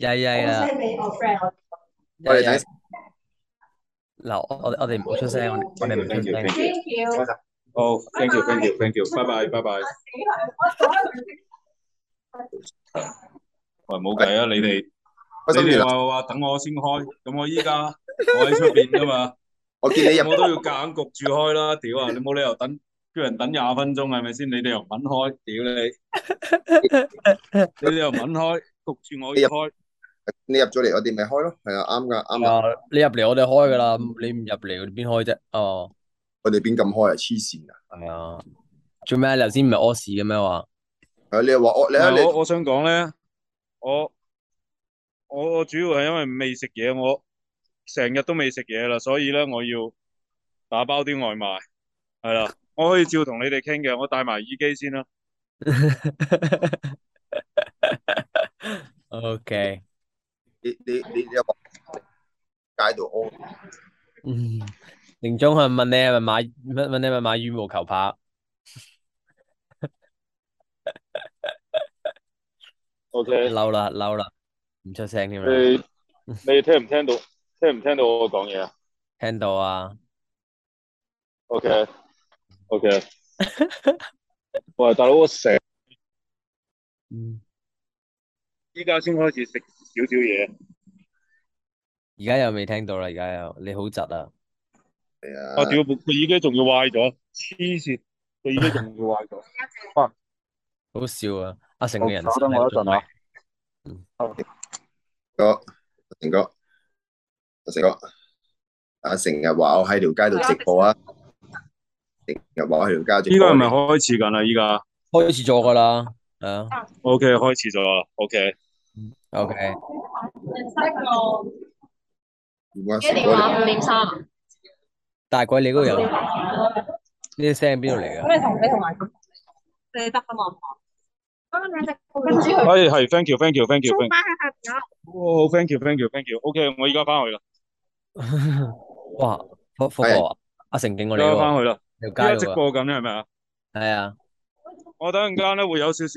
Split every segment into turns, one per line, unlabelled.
呀呀呀！
我哋唔好出聲，我哋唔好出聲。Thank you，好，thank you，thank you，thank you，拜拜，拜拜。係，喂，冇計啊！你哋，你哋之前又話等我先開，咁我依家我喺出邊噶嘛，
我見你入，我都
要夾硬焗住開啦！屌啊！你冇理由等啲人等廿分鐘係咪先？你哋又唔肯開，屌你！你哋又唔肯開，焗住我要開。
你入咗嚟，我哋咪開咯，係啊，啱噶，啱噶、啊。你入嚟我哋開噶啦，你唔入嚟我哋邊開啫？哦，我哋邊咁開的啊？黐線噶。係啊。做咩？你頭先唔係屙屎嘅咩？話。誒，你又話屙？你，你、啊、我，
我想講咧，我我我主要係因為未食嘢，我成日都未食嘢啦，所以咧我要打包啲外賣，係啦、啊， 我可以照同你哋傾嘅，我帶埋耳機先啦。
OK。
你你你你有
冇街度
安？嗯，林中係問你係咪買？問你係咪買羽毛球拍？O K，嬲啦，嬲啦 Okay.，唔出聲添啊！你
你聽唔聽到？聽唔聽到我講嘢啊？聽到啊！O
K，O
K，喂大佬，我醒，嗯，依家先開始食。少
少嘢，而家又未聽到啦，而家又你好窒啊！係啊，我屌、啊，部佢耳機，仲要壞咗，
黐線、 啊！佢耳機仲要
壞咗，哇！好笑啊！阿成
個人吵得我，我一陣啊！
嗯，成哥，阿成哥，阿成日話我喺條街度直播啊！
成日話 我喺條街度，依家係咪開始緊啦？依家開始咗噶啦，啊。OK，開始咗啦，OK。O K，
一電話五點三，大概你嗰度，
呢啲聲邊度嚟㗎？你同你同埋咁，你得啊嘛？係係，Thank you，Thank you，Thank you，Thank you。好，Thank you，Thank you，Thank you。O K，我而家翻去啦。哇，科科學啊，阿成景我哋，翻去啦，一條街啦。一直播咁樣係咪啊？係啊，我等陣間咧會有少少。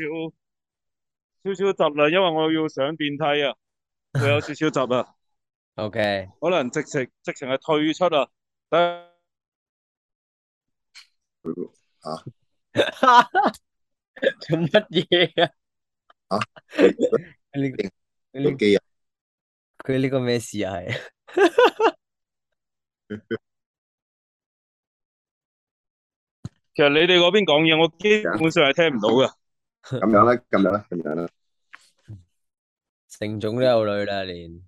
少少窒啦，因為我要上電梯啊，佢有少少窒啊。 OK，可能直情直情係退出啊。吓？做乜嘢啊？
啊？呢呢呢幾日？佢呢個咩事啊？係。
其實你哋嗰邊講嘢，我基本上係聽唔到噶。
咁樣啦，咁樣啦，咁樣啦，
成總都有女啦，連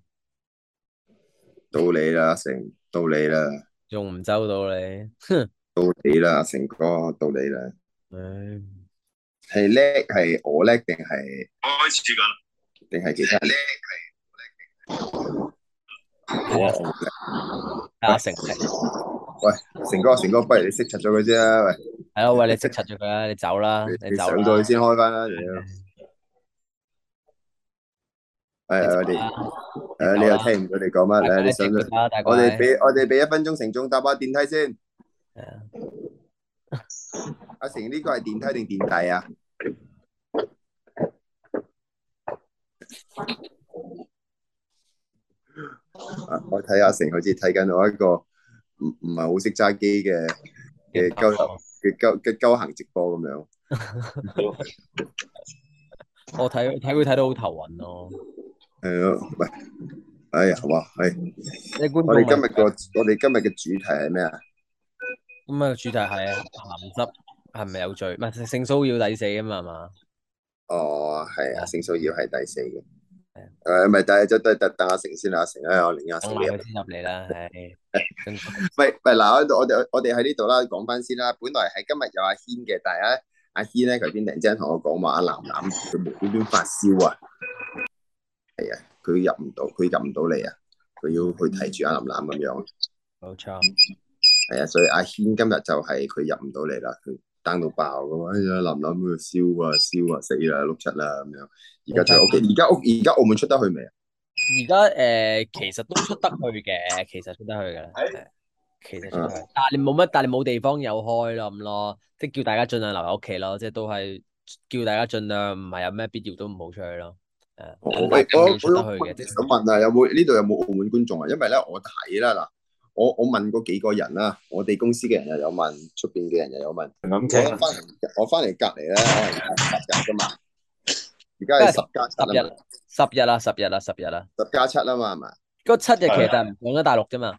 到你啦，阿成，到你啦，
仲唔周到你？
到你啦，阿成哥，到你啦。係叻係我叻定係？開始噶，定係其他叻？係啊，我叻阿成。喂，成哥，成哥，不如你識柒咗佢先啦，喂。
係啊，喂，你識柒咗佢啦，你走啦，你上咗去先開翻啦。係啊，係
啊，我哋，誒，你又聽唔到你講乜？你上咗，我哋俾我哋俾一分鐘，成眾搭下電梯先。係啊，阿成呢個係電梯定電梯啊？啊，我睇阿成好似睇緊我一個。唔唔係好識揸機嘅嘅交溝溝行直播咁樣，
我睇睇佢睇到好頭暈咯、啊。
係咯，喂，哎呀，好啊，係、哎。觀我哋今日個我哋今日嘅主題係咩啊？
咁啊，主題係啊鹹濕係咪有罪？唔係性騷擾抵死噶嘛，係嘛？
哦，係啊，性騷擾係抵死嘅。誒，咪、嗯、等，就等，等，等阿成先阿成，哎、我連阿成啲。我買佢先入嚟啦。喂喂，嗱，我我哋我哋喺呢度啦，講翻先啦。本來喺今日有阿軒嘅，但係阿軒咧頭先突然之間同我講話，阿、啊、南南佢無端端發燒啊。係啊，佢入唔到，佢入唔到嚟啊，佢要去睇住阿南南咁樣。
冇慘錯。
係啊，所以阿軒今日就係、是、佢入唔到嚟啦。等到爆咁啊！諗諗佢燒啊燒啊死啦碌柒啦咁樣。而家就 O K。而家屋而家澳門出得去未啊？
而家誒，其實都出得去嘅，其實出得去嘅。係。其實出得去，但係你冇乜，但係你冇地方有開咯，咁咯。即係叫大家盡量留喺屋企咯，即係都係叫大家盡量唔係有咩必要都唔好出去咯。誒，我我我都去嘅。
想問啊，有冇呢度有冇澳門觀眾啊？因為咧我睇啦嗱。我我問過幾個人啦，我哋公司嘅人又有問，出邊嘅人又有問。我翻嚟，我翻嚟隔籬咧十日噶嘛，而家係
十加十日，十日啦，十日啦，十日啦，十加七啦嘛，係嘛？嗰七日其實唔同咗大陸噶嘛？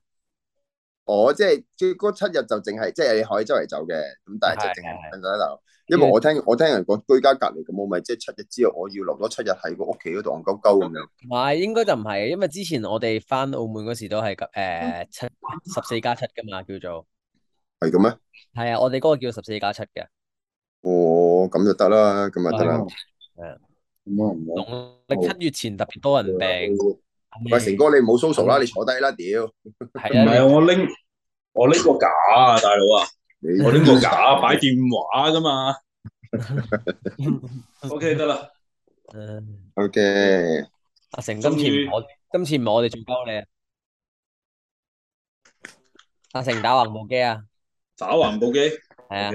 哦的，即係即係嗰七日就淨係即係你可以周圍走嘅，咁但係就淨係瞓咗喺度。因為我聽我聽人講居家隔離咁，我咪即係七日之後我要留咗七日喺個屋企度，戇鳩鳩咁樣。
唔係，應該就唔係，因為之前我哋返澳門嗰時都係誒、呃，七十四加七㗎嘛，叫做。
係咁咩？
係啊，我哋嗰個叫十四加七嘅。
哦，咁就得啦，咁啊得啦。咁啊的。唔好你七月前特別多人病。喂，成哥，你唔好 social 啦，你坐低啦，屌。係啊。唔係啊，我
拎，我拎個假啊，大佬啊。我都冇假擺電
話㗎嘛，OK 得啦
，OK 阿成，今次我今次唔係我哋最高你啊，阿成打橫部機啊，
打橫部機係啊，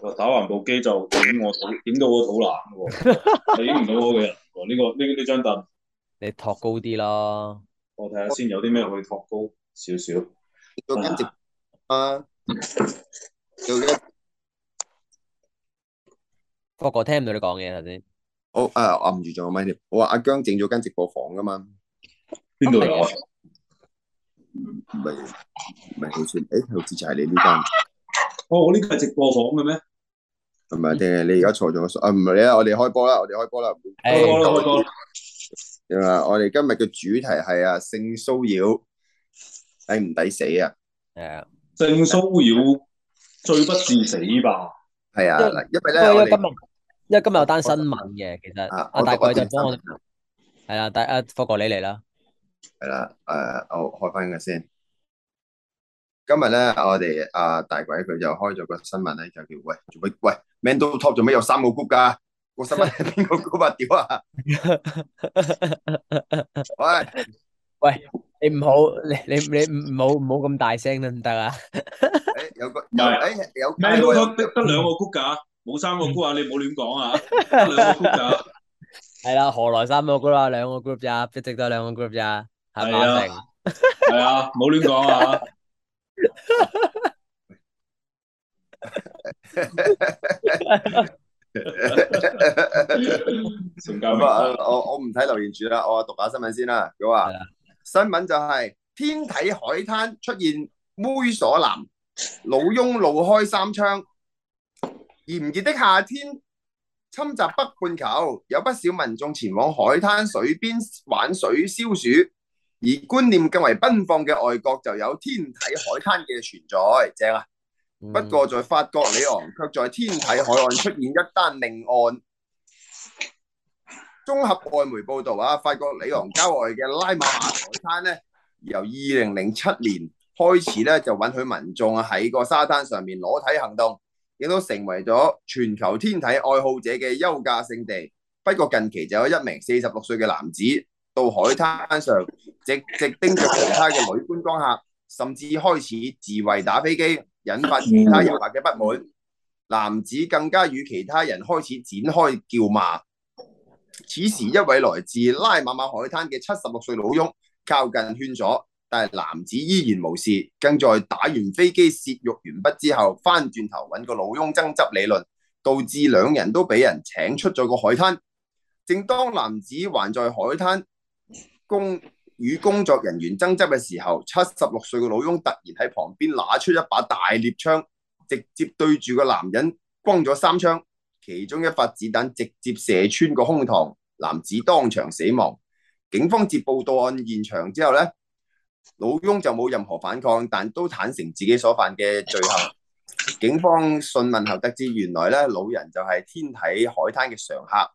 我打橫部機就頂我肚，頂到我肚腩，頂唔到我嘅人，呢個呢呢張凳
你托高啲啦，
我睇下先有啲咩可以托高少少，
啊！做一，個個、哦、聽唔到你講嘢頭先。好、
哦啊，我唔住仲有咪添。我話阿姜整咗間直播房㗎嘛？邊度嚟？唔係唔係好算？誒、欸，好似就係你呢間。哦，我呢間
係
直播房嘅咩？係咪？定係你而家錯咗？啊，唔係、哎哦哦、啊，我哋
開波啦，我哋開波啦，開波啦，開
波啦。我哋今日嘅主題係啊，性騷擾抵唔抵死啊？性
騷擾罪不至死吧？係啊，因為咧，因為今
日因為今日有單新聞嘅，其實阿、啊啊、大鬼就幫我，
係啦、啊，大阿霍、啊啊、哥你嚟啦，係啦，誒、啊，我開翻佢先。今日咧，我哋阿、啊、大鬼佢就開咗個新聞咧，就叫喂，做咩喂 m a n d a t o p 做咩有三個 group 噶？個新聞係邊個 group 啊？屌啊！
喂！喂，你唔好，你你你唔好唔好咁大聲得唔得啊？
有個又，哎，有咩都得得兩
個 group 架，冇三個 group 啊！你唔好亂講啊，得兩個 group 架。係啦，何來三個 group
啊？兩個 group 咋？一直都係兩個 group 咋？係啊，係啊，唔好亂講啊！咁
啊，我我唔睇留言住啦，我讀下新聞先啦。佢話。新聞就係、是、天體海灘出現猥瑣男老翁怒開三槍，炎熱的夏天侵襲北半球，有不少民眾前往海灘水邊玩水消暑。而觀念更為奔放嘅外國就有天體海灘嘅存在，正啊！不過在法國里昂卻在天體海岸出現一單命案。綜合外媒報導啊，法國里昂郊外嘅拉馬海灘咧，由二零零七年開始咧就允許民眾喺個沙灘上面裸體行動，亦都成為咗全球天體愛好者嘅休假勝地。不過近期就有一名四十六歲嘅男子到海灘上，直直盯着其他嘅女觀光客，甚至開始自衛打飛機，引發其他人客嘅不滿。男子更加與其他人開始展開叫罵。此時，一位來自拉馬馬海灘嘅七十六歲老翁靠近勸阻，但係男子依然無事。更在打完飛機洩慾完畢之後，翻轉頭揾個老翁爭執理論，導致兩人都俾人請出咗個海灘。正當男子還在海灘工與工作人員爭執嘅時候，七十六歲嘅老翁突然喺旁邊拿出一把大獵槍，直接對住個男人轟咗三槍。其中一發子彈直接射穿個胸膛，男子當場死亡。警方接報到案現場之後咧，老翁就冇任何反抗，但都坦承自己所犯嘅罪行。警方訊問後得知，原來咧，老人就係天體海灘嘅常客，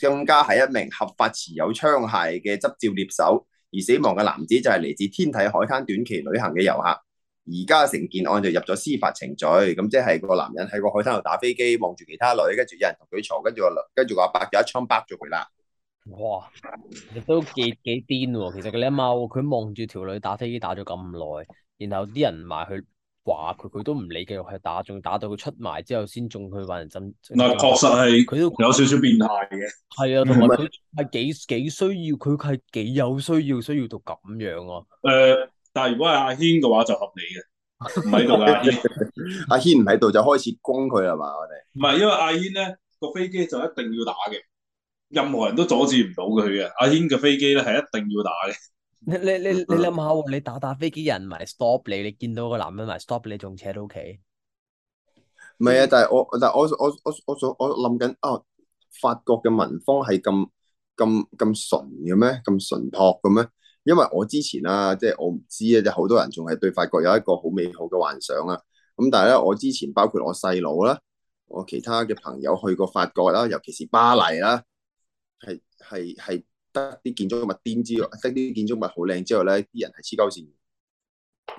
更加係一名合法持有槍械嘅執照獵手。而死亡嘅男子就係嚟自天體海灘短期旅行嘅遊客。而家成件案就入咗司法程序，咁即係個男人喺個海灘度打飛機，望住其他女，跟住有人同佢嘈，跟住、個，跟住個阿伯就一槍 buck 咗佢啦。
哇，其實都幾幾癲喎！其實你媽媽個你阿媽，佢望住條女打飛機打咗咁耐，然後啲人埋去話佢，佢都唔理，繼續去打，仲打到佢出埋之後先仲去話人真。嗱都，確實
係，佢都有少少變態嘅。係啊，同埋佢
係幾幾需要，佢係幾有需
要，需要到咁樣啊。
誒、呃。但係如果係阿軒嘅話就合理嘅，唔喺度
阿軒，阿軒唔喺度就開始攻佢係嘛？我哋
唔係因為阿軒咧、個飛機就一定要打嘅，任何人都阻止唔到佢嘅。阿軒嘅飛機咧係一定要打嘅 。
你你你你諗下喎，你打打飛機人埋係 stop 你，你見到個男人唔係 stop 你，
仲扯到屋企？唔係啊，但係我但係我我我我我諗緊啊，法國嘅民風係咁咁咁純嘅咩？咁淳樸嘅咩？因為我之前啊，即係我唔知啊，就好多人仲係對法國有一個好美好嘅幻想啊。咁但係咧，我之前包括我細佬啦，我其他嘅朋友去過法國啦，尤其是巴黎啦，係係係得啲建築物癲之後，得啲建築物好靚之外咧，啲人係黐鳩線。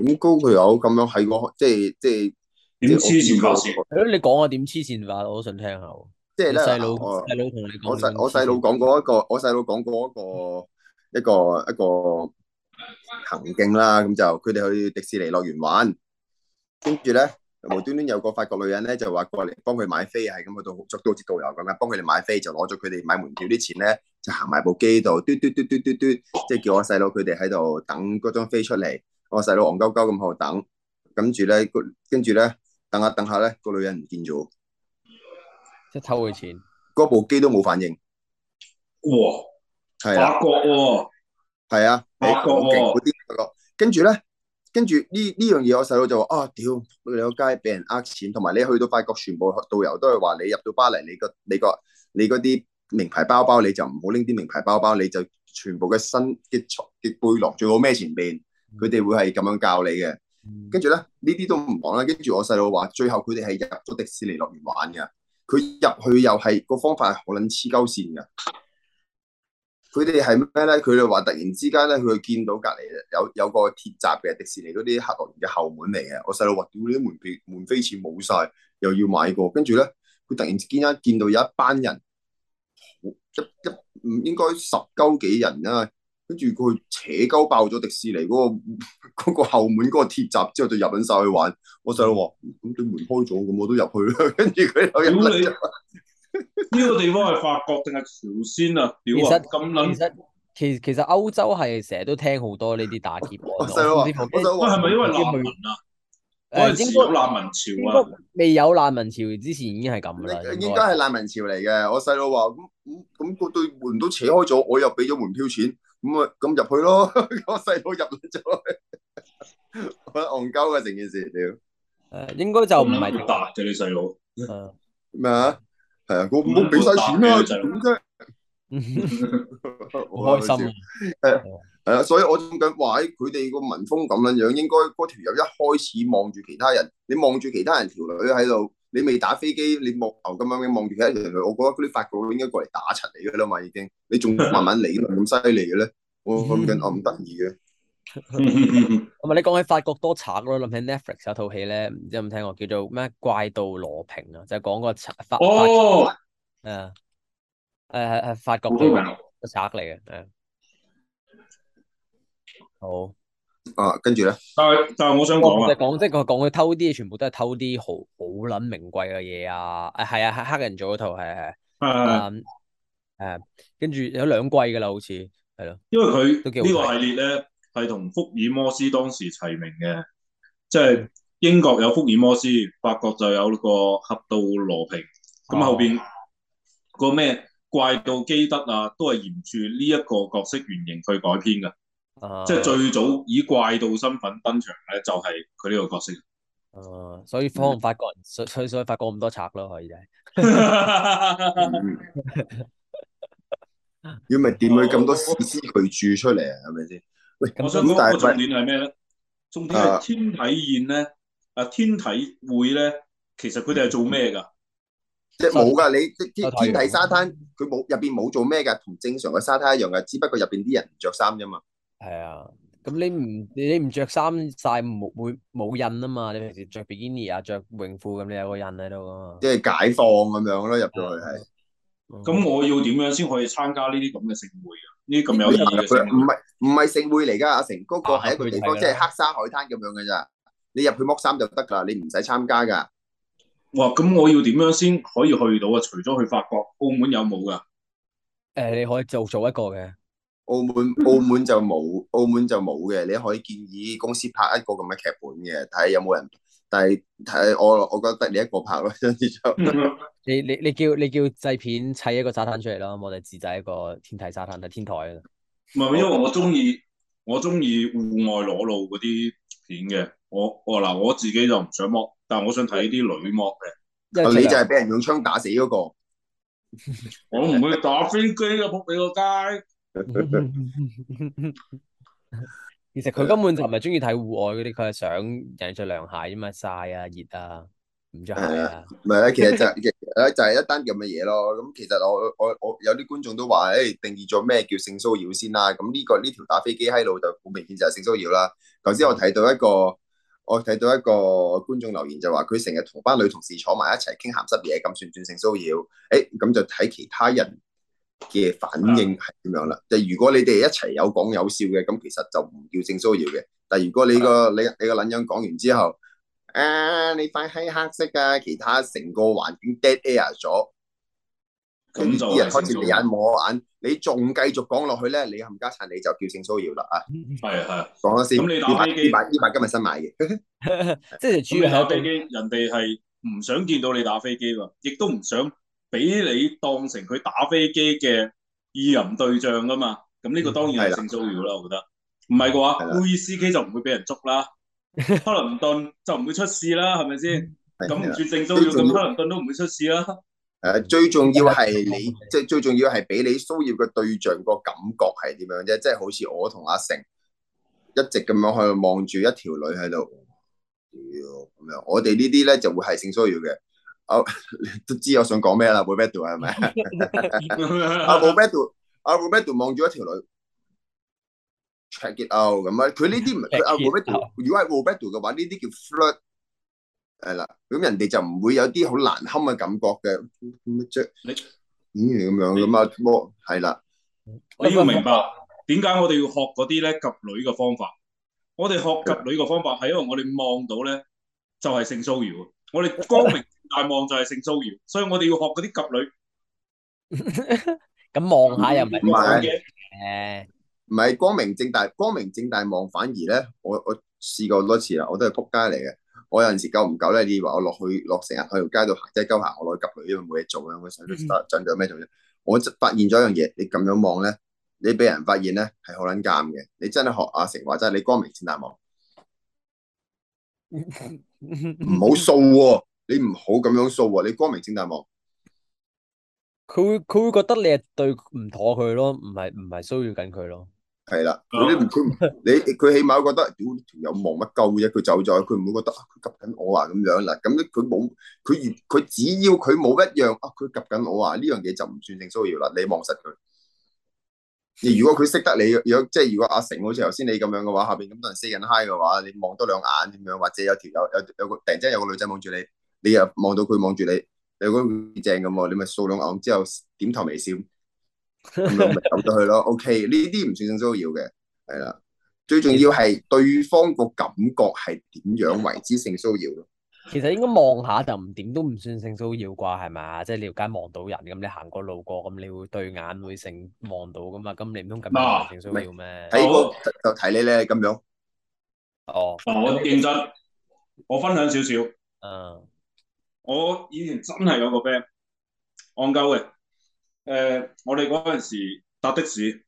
點高佢有咁樣喺我即係即係點黐線？係
咯，你講我點黐線法我都想聽下即係咧，細佬細佬
同
你講，我細我細佬講
過一個，我細佬講過一個。嗯一個一個行徑啦，咁就佢哋去迪士尼樂園玩，跟住咧無端端有個法國女人咧就話過嚟幫佢買飛，係咁去到作到好似導遊咁啦，幫佢哋買飛，就攞咗佢哋買門票啲錢咧，就行埋部機度嘟嘟嘟嘟嘟嘟，即係叫我細佬佢哋喺度等嗰張飛出嚟。我細佬戇鳩鳩咁喺度等，跟住咧跟住咧等下等下咧個女人唔見咗，
即係偷佢錢，
嗰部機都冇反應，哇！啊、法國喎，係啊，啊法國喎、啊，啲、啊、法國，跟住咧，跟住呢呢樣嘢，我細佬就話啊，屌你個街俾人呃錢，同埋你去到法國，全部導遊都係話你入到巴黎，你個你個你啲名牌包包，你就唔好拎啲名牌包包，你就全部嘅新嘅財嘅背囊，最好孭前邊，佢哋、嗯、會係咁樣教你嘅、嗯。跟住咧，呢啲都唔講啦。跟住我細佬話，最後佢哋係入咗迪士尼樂園玩嘅，佢入去又係個方法係好撚黐鳩線嘅。佢哋係咩咧？佢哋話突然之間咧，佢見到隔離有有個鐵閘嘅迪士尼嗰啲客樂園嘅後門嚟嘅。我細佬話：屌呢啲門票門飛錢冇晒，又要買過？跟住咧，佢突然之間見到有一班人，一一唔應該十鳩幾人啦、啊。跟住佢扯鳩爆咗迪士尼嗰、嗰個嗰、嗰個後門嗰個鐵閘之後，就入緊晒去玩。我
細佬話：咁啲門開咗，咁我都入去啦。跟住佢又入撚呢個地方係法國定係朝鮮啊？
表其實咁諗，其實其其實歐洲係成日都聽好多呢啲打劫案。我細佬話：，喂，係咪因，為因為難
民啊？誒、呃，應該有難民潮啊！
未有難民潮之前已經係咁啦。應該係
難民潮嚟嘅。我細佬話：，咁咁咁個對門都扯開咗，的我又俾咗門票錢，咁啊咁入去咯。 我細佬入咗，戇鳩嘅成件事，屌！
誒，應該就唔係。好大
你細佬，
咩、嗯、啊？嗯係啊，我我俾晒錢啦，點
啫？ 開心、啊。係係 啊，啊，所以我諗緊，哇！佢哋個民風咁樣樣，應該嗰條友一開始望住其他人，你望住其他人條女喺度，你未打飛機，你望牛咁樣樣望住其他條女，我覺得嗰啲法國佬應該過嚟打柒你噶啦嘛，已經，你仲慢慢嚟，咁犀利嘅咧？我諗緊，哦，咁得意嘅。
我咪 你講起法國多賊咯，諗起 Netflix 有套戲咧，唔知有冇聽過叫做咩《怪盜羅平》就係講哦、啊，就講個賊法哦，啊，誒係係法國嘅賊嚟嘅，係
好，啊跟住咧，但係但係我想講
講即係講佢偷啲嘢，全部都係偷啲好好捻名貴嘅嘢啊，誒係啊，係、啊、黑人做嗰套係係，誒、啊啊嗯啊、跟住有兩季噶啦，好似係咯，啊、因為佢呢個系列
咧。係同福爾摩斯當時齊名嘅，即係英國有福爾摩斯，法國就有個俠盜羅平，咁後邊個咩怪盜基德啊，都係沿住呢一個角色原型去改編噶，即係、啊、最早以怪盜身份登場咧，就係佢呢個角色。誒、啊 ，
所以法法國，所以所以法國咁多賊咯，可以就係。
要唔係點會咁多史詩巨著出嚟啊？係咪
先？喂大我想講個重點係咩咧？喂重點係天體宴咧，啊天體會咧，其實佢哋係做咩噶？即係冇噶，你天天體沙
灘佢冇入邊冇做咩噶，同正常嘅沙灘一樣噶，只不過入邊啲人唔着衫啫嘛。
係啊，咁你唔你唔着衫晒，唔會冇印啊嘛？你平時着比基尼啊，着泳褲咁，你有個印喺度啊嘛。
即係解放咁樣咯，入咗去係。咁、啊啊、我要點樣先可以參加呢啲咁嘅盛會啊？呢啲咁有意義嘅唔係唔係盛會嚟噶，阿成嗰個係一個地方，即係黑沙海灘咁樣嘅咋。你入去剝衫就得噶啦，
你唔使參加噶。哇，咁我要點樣先可以去到啊？除咗去法國、澳門有冇噶？
誒、呃，你可以做做一個嘅。
澳門澳門就冇，
澳門就冇嘅。你可以建議公司拍一個咁嘅劇本嘅，睇下有冇人。但係睇我，我覺得你一個拍咯，就。嗯
你你你叫你叫製片砌一個沙灘出嚟咯，我哋自製一個天體沙灘，就天台啦。
唔係，因為我中意我中意戶外裸露嗰啲片嘅。我我嗱，我自己就唔想剝，但係我想睇啲女剝嘅。你就係俾人用槍打死嗰、嗰個？ 我唔會打飛機扑你個街！
其實佢根本就唔係中意睇戶外嗰啲，佢係想人着涼鞋啫嘛，曬
啊，熱啊。係啊，唔係咧，其實就係、是，就係、是、一單咁嘅嘢咯。咁其實我我我有啲觀眾都話，誒、欸，定義咗咩叫性騷擾先啦。咁呢、這個呢條、這個、打飛機喺度就好明顯就係性騷擾啦。頭先我睇到一個，我睇到一個觀眾留言就話，佢成日同班女同事坐埋一齊傾咸濕嘢，咁算唔算性騷擾？誒、欸，咁就睇其他人嘅反應係點樣啦。嗯、就如果你哋一齊有講有笑嘅，咁其實就唔叫性騷擾嘅。但係如果你個、嗯、你你個捻樣講完之後，啊！你快係黑色噶，其他成個環境 dead air 咗，咁住啲人開始你眼望我眼，你仲繼續講落去咧，你冚家鏟你就叫性騷擾啦啊！
係啊，講咗先。咁你打飛
機呢？把今日新買嘅，
即係主要係打飛機，人哋係唔想見到你打飛機喎，亦都唔想俾你當成佢打飛機嘅意淫對象噶嘛。咁呢個當然係性騷擾啦，我覺得。唔係嘅話，故意司機就唔會俾人捉啦。克林頓就唔會出事啦，係咪先？咁絕性騷擾咁，克林頓都唔會
出事啦。誒、啊，最重要係你，即係 最重要係俾你騷擾嘅對象個感覺係點樣啫？即、就、係、是、好似我同阿成一直咁樣去望住一條女喺度，咁、哎、樣。我哋呢啲咧就會係性騷擾嘅。好、啊，都知我想講咩啦，阿布雷特係咪？阿布雷特，阿布雷特望住一條女。Check it out 咁啊，佢呢啲唔佢 avoid 如果 avoid 嘅話呢啲叫 flirt 係啦，咁人哋就唔會有啲好難堪嘅感覺嘅，乜啫 You？你嗯咁樣咁啊，係啦 Yeah.，
你要明白點解我哋要學嗰啲咧及女嘅方法？我哋學及女嘅方法係因為我哋望到咧就係性騷擾的，我哋光明大望就係性騷擾，所以我哋要學嗰啲及女。
咁望 下又唔係唔好唔係光明正大，光明正大望反而咧，我我試過好多次啦，我都係扑街嚟嘅。我有陣時夠唔夠咧，你以為我落去落成日去條街度行，即係鳩行，我落去夾佢，因為冇嘢做啊，我想都得，準咩做啫？我發現咗一樣嘢，你咁樣望咧，你俾人發現咧係好撚尷嘅。你真係學阿成話，即係你光明正大望，
唔好
掃喎，你唔好咁樣掃喎，你光明正大望，佢
會佢會覺得你係對唔妥佢咯，唔係唔係騷擾緊佢咯。
係啦，佢唔佢唔你佢起碼覺得，屌條友望乜鳩啫，佢走咗，佢唔會覺得啊，佢及緊我啊咁樣嗱，咁咧佢冇佢佢只要佢冇一樣啊，佢及緊我啊呢樣嘢就唔算性騷擾啦，你望實佢。如果佢識得你，若即係如果阿成好似頭先你咁樣嘅話，下邊咁多人 say 緊 hi 嘅話，你望多兩眼咁樣，或者有條友有有個突然之間有個女仔望住你，你又望到佢望住你，你咁正咁喎，你咪掃兩眼之後點頭微笑。咁 樣咪走咗去咯，OK？呢啲唔算性騷擾嘅，係啦。最重要係對方個感覺係點樣為之性騷擾咯？
其實應該望下就唔點都唔算性騷擾啩，係咪？即係條街望到人咁，你行過路過咁，你會對眼會，嘛會，會性望到咁啊？咁、oh. 你唔通咁？嗱，唔性騷擾咩？睇個
就睇你咧咁樣。哦，oh. 我認真，
我分享少少。誒，uh. 我以前真係有個 friend，戇鳩嘅。誒、呃，我哋嗰陣時搭的士，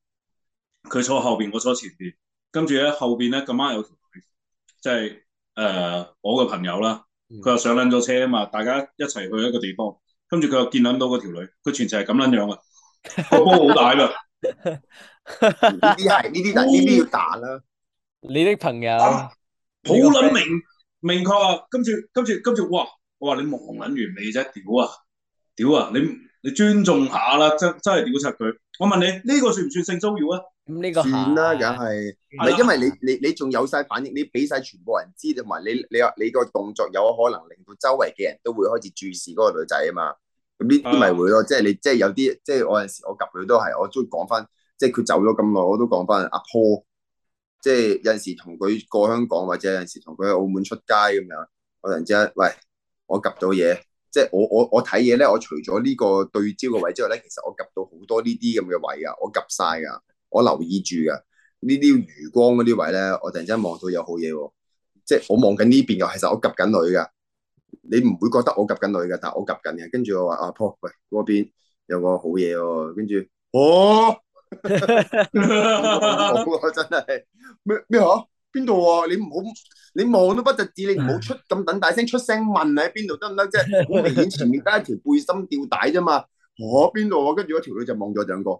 佢坐後邊，我坐前邊。跟住咧後邊咧，咁啱有條女，即係誒我嘅朋友啦。佢又上捻咗車啊嘛，大家一齊去一個地方。跟住佢又見捻到嗰條女，佢全程係咁捻樣啊，個波好大啦。呢
啲係呢啲呢啲要大
啦。你的朋友好捻明明確啊，跟住跟住跟住，哇！我話你望捻完未啫？屌啊！屌啊！你。你尊重下啦，真真係屌柒佢。我問你呢、呢個算唔算性騷擾啊？
咁呢個係啦，梗係係，因為你你你仲，有晒反應，你俾晒全部人知道，同埋你你你個動作有可能令到周圍嘅人都會開始注視嗰個女仔啊嘛。咁呢啲咪會咯的，即係你即係有啲即係我有陣時我及佢都係，我中意講翻，即係佢走咗咁耐，我都講翻阿坡，即係有陣時同佢過香港，或者有陣時同佢去澳門出街咁樣，我突然之間，喂，我及到嘢。即係我我我睇嘢咧，我除咗呢個對焦嘅位之外咧，其實我 𥄫 到好多呢啲咁嘅位啊，我 𥄫 晒噶，我留意住噶。呢啲餘光嗰啲位咧，我突然之間望到有好嘢喎、哦。即係我望緊呢邊嘅，其實我 𥄫 緊女嘅。你唔會覺得我 𥄫 緊女嘅，但係我 𥄫 緊嘅。跟住我話阿、啊、婆，喂，嗰邊有個好嘢喎、哦。跟住我真係咩咩啊？邊度啊？你唔好你望都不特止。你唔好出咁等大聲出聲問你喺邊度得唔得啫？即係好明顯，前面得一條背心吊帶啫嘛，哦，邊度啊？跟住嗰條女就望咗兩個。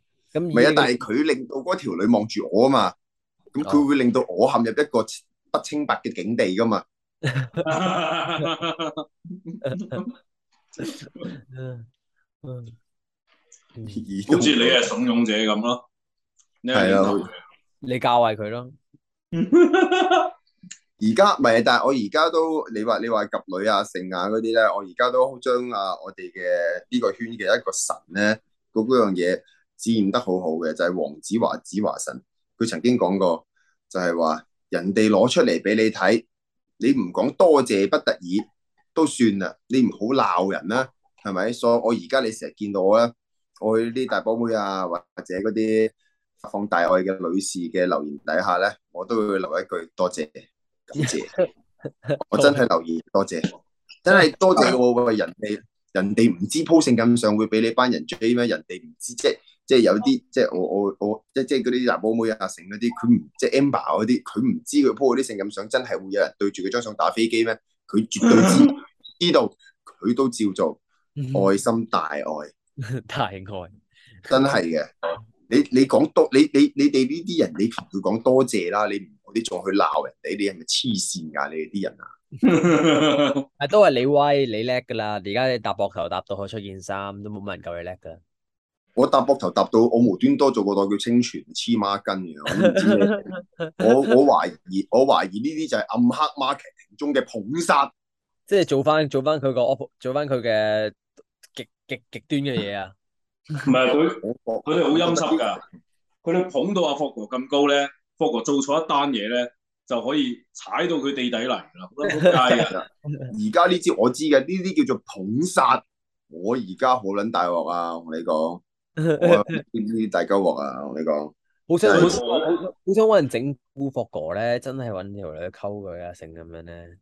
唔係啊，但係佢令到嗰條女望住我啊嘛，咁佢會令到我陷入一個不清白嘅境地噶嘛，
好似 道你係慫恿者咁咯，係啊，
你教壞佢咯。
而家咪，但係我而家都你話你話及女啊、成眼嗰啲咧，我而家都將啊我哋嘅呢個圈嘅一個神咧，嗰嗰樣嘢。試驗得好好嘅就係、是、黃子華、子華神，佢曾經講過就，就係話人哋攞出嚟俾你睇，你唔講多謝不得已」都算啦，你唔好鬧人啦，係咪？所以我而家你成日見到我啦，我呢大寶妹啊，或者嗰啲發放大愛嘅女士嘅留言底下咧，我都會留一句多謝感謝， 我真係留言多謝，真係多謝我為 人哋，人哋唔知 po 成咁上會俾你班人追咩？人哋唔知即。即係有啲，即係我我我即係即係嗰啲男僕妹拍成嗰啲，佢唔即係 Amber 嗰啲，佢唔知佢 po 啲性感相，真係會有人對住佢張相打飛機咩？佢絕對知知道，佢都照做，愛心大愛，
大愛，
真係嘅。你你講多，你你你哋呢啲人，你同佢講多謝啦，你唔好啲再去鬧人哋，你係咪黐線㗎？你哋啲人啊，
都係你威你叻㗎啦。而家你搭膊頭搭到佢出件衫，都冇乜人夠你叻㗎。
我搭膊頭搭到我無端多做個袋叫清泉黐孖筋嘅，我唔知道 我。我我懷疑，我懷疑呢啲就係暗黑 market 中嘅捧殺，
即係做翻做翻佢個 oppo 做翻佢嘅極極極端嘅嘢啊！唔係佢，佢哋好陰濕噶，
佢哋捧到阿福哥咁高咧，福哥做錯一單嘢咧，就可以踩到佢地底嚟啦！好多仆街嘅，而家呢啲我知嘅，呢啲叫做
捧殺。我而家好撚大鑊啊！同你講。邊啲大鳩鑊啊！我 同你講，好想好想
揾人整蠱霍哥咧，真係揾條女溝佢啊，成咁樣咧。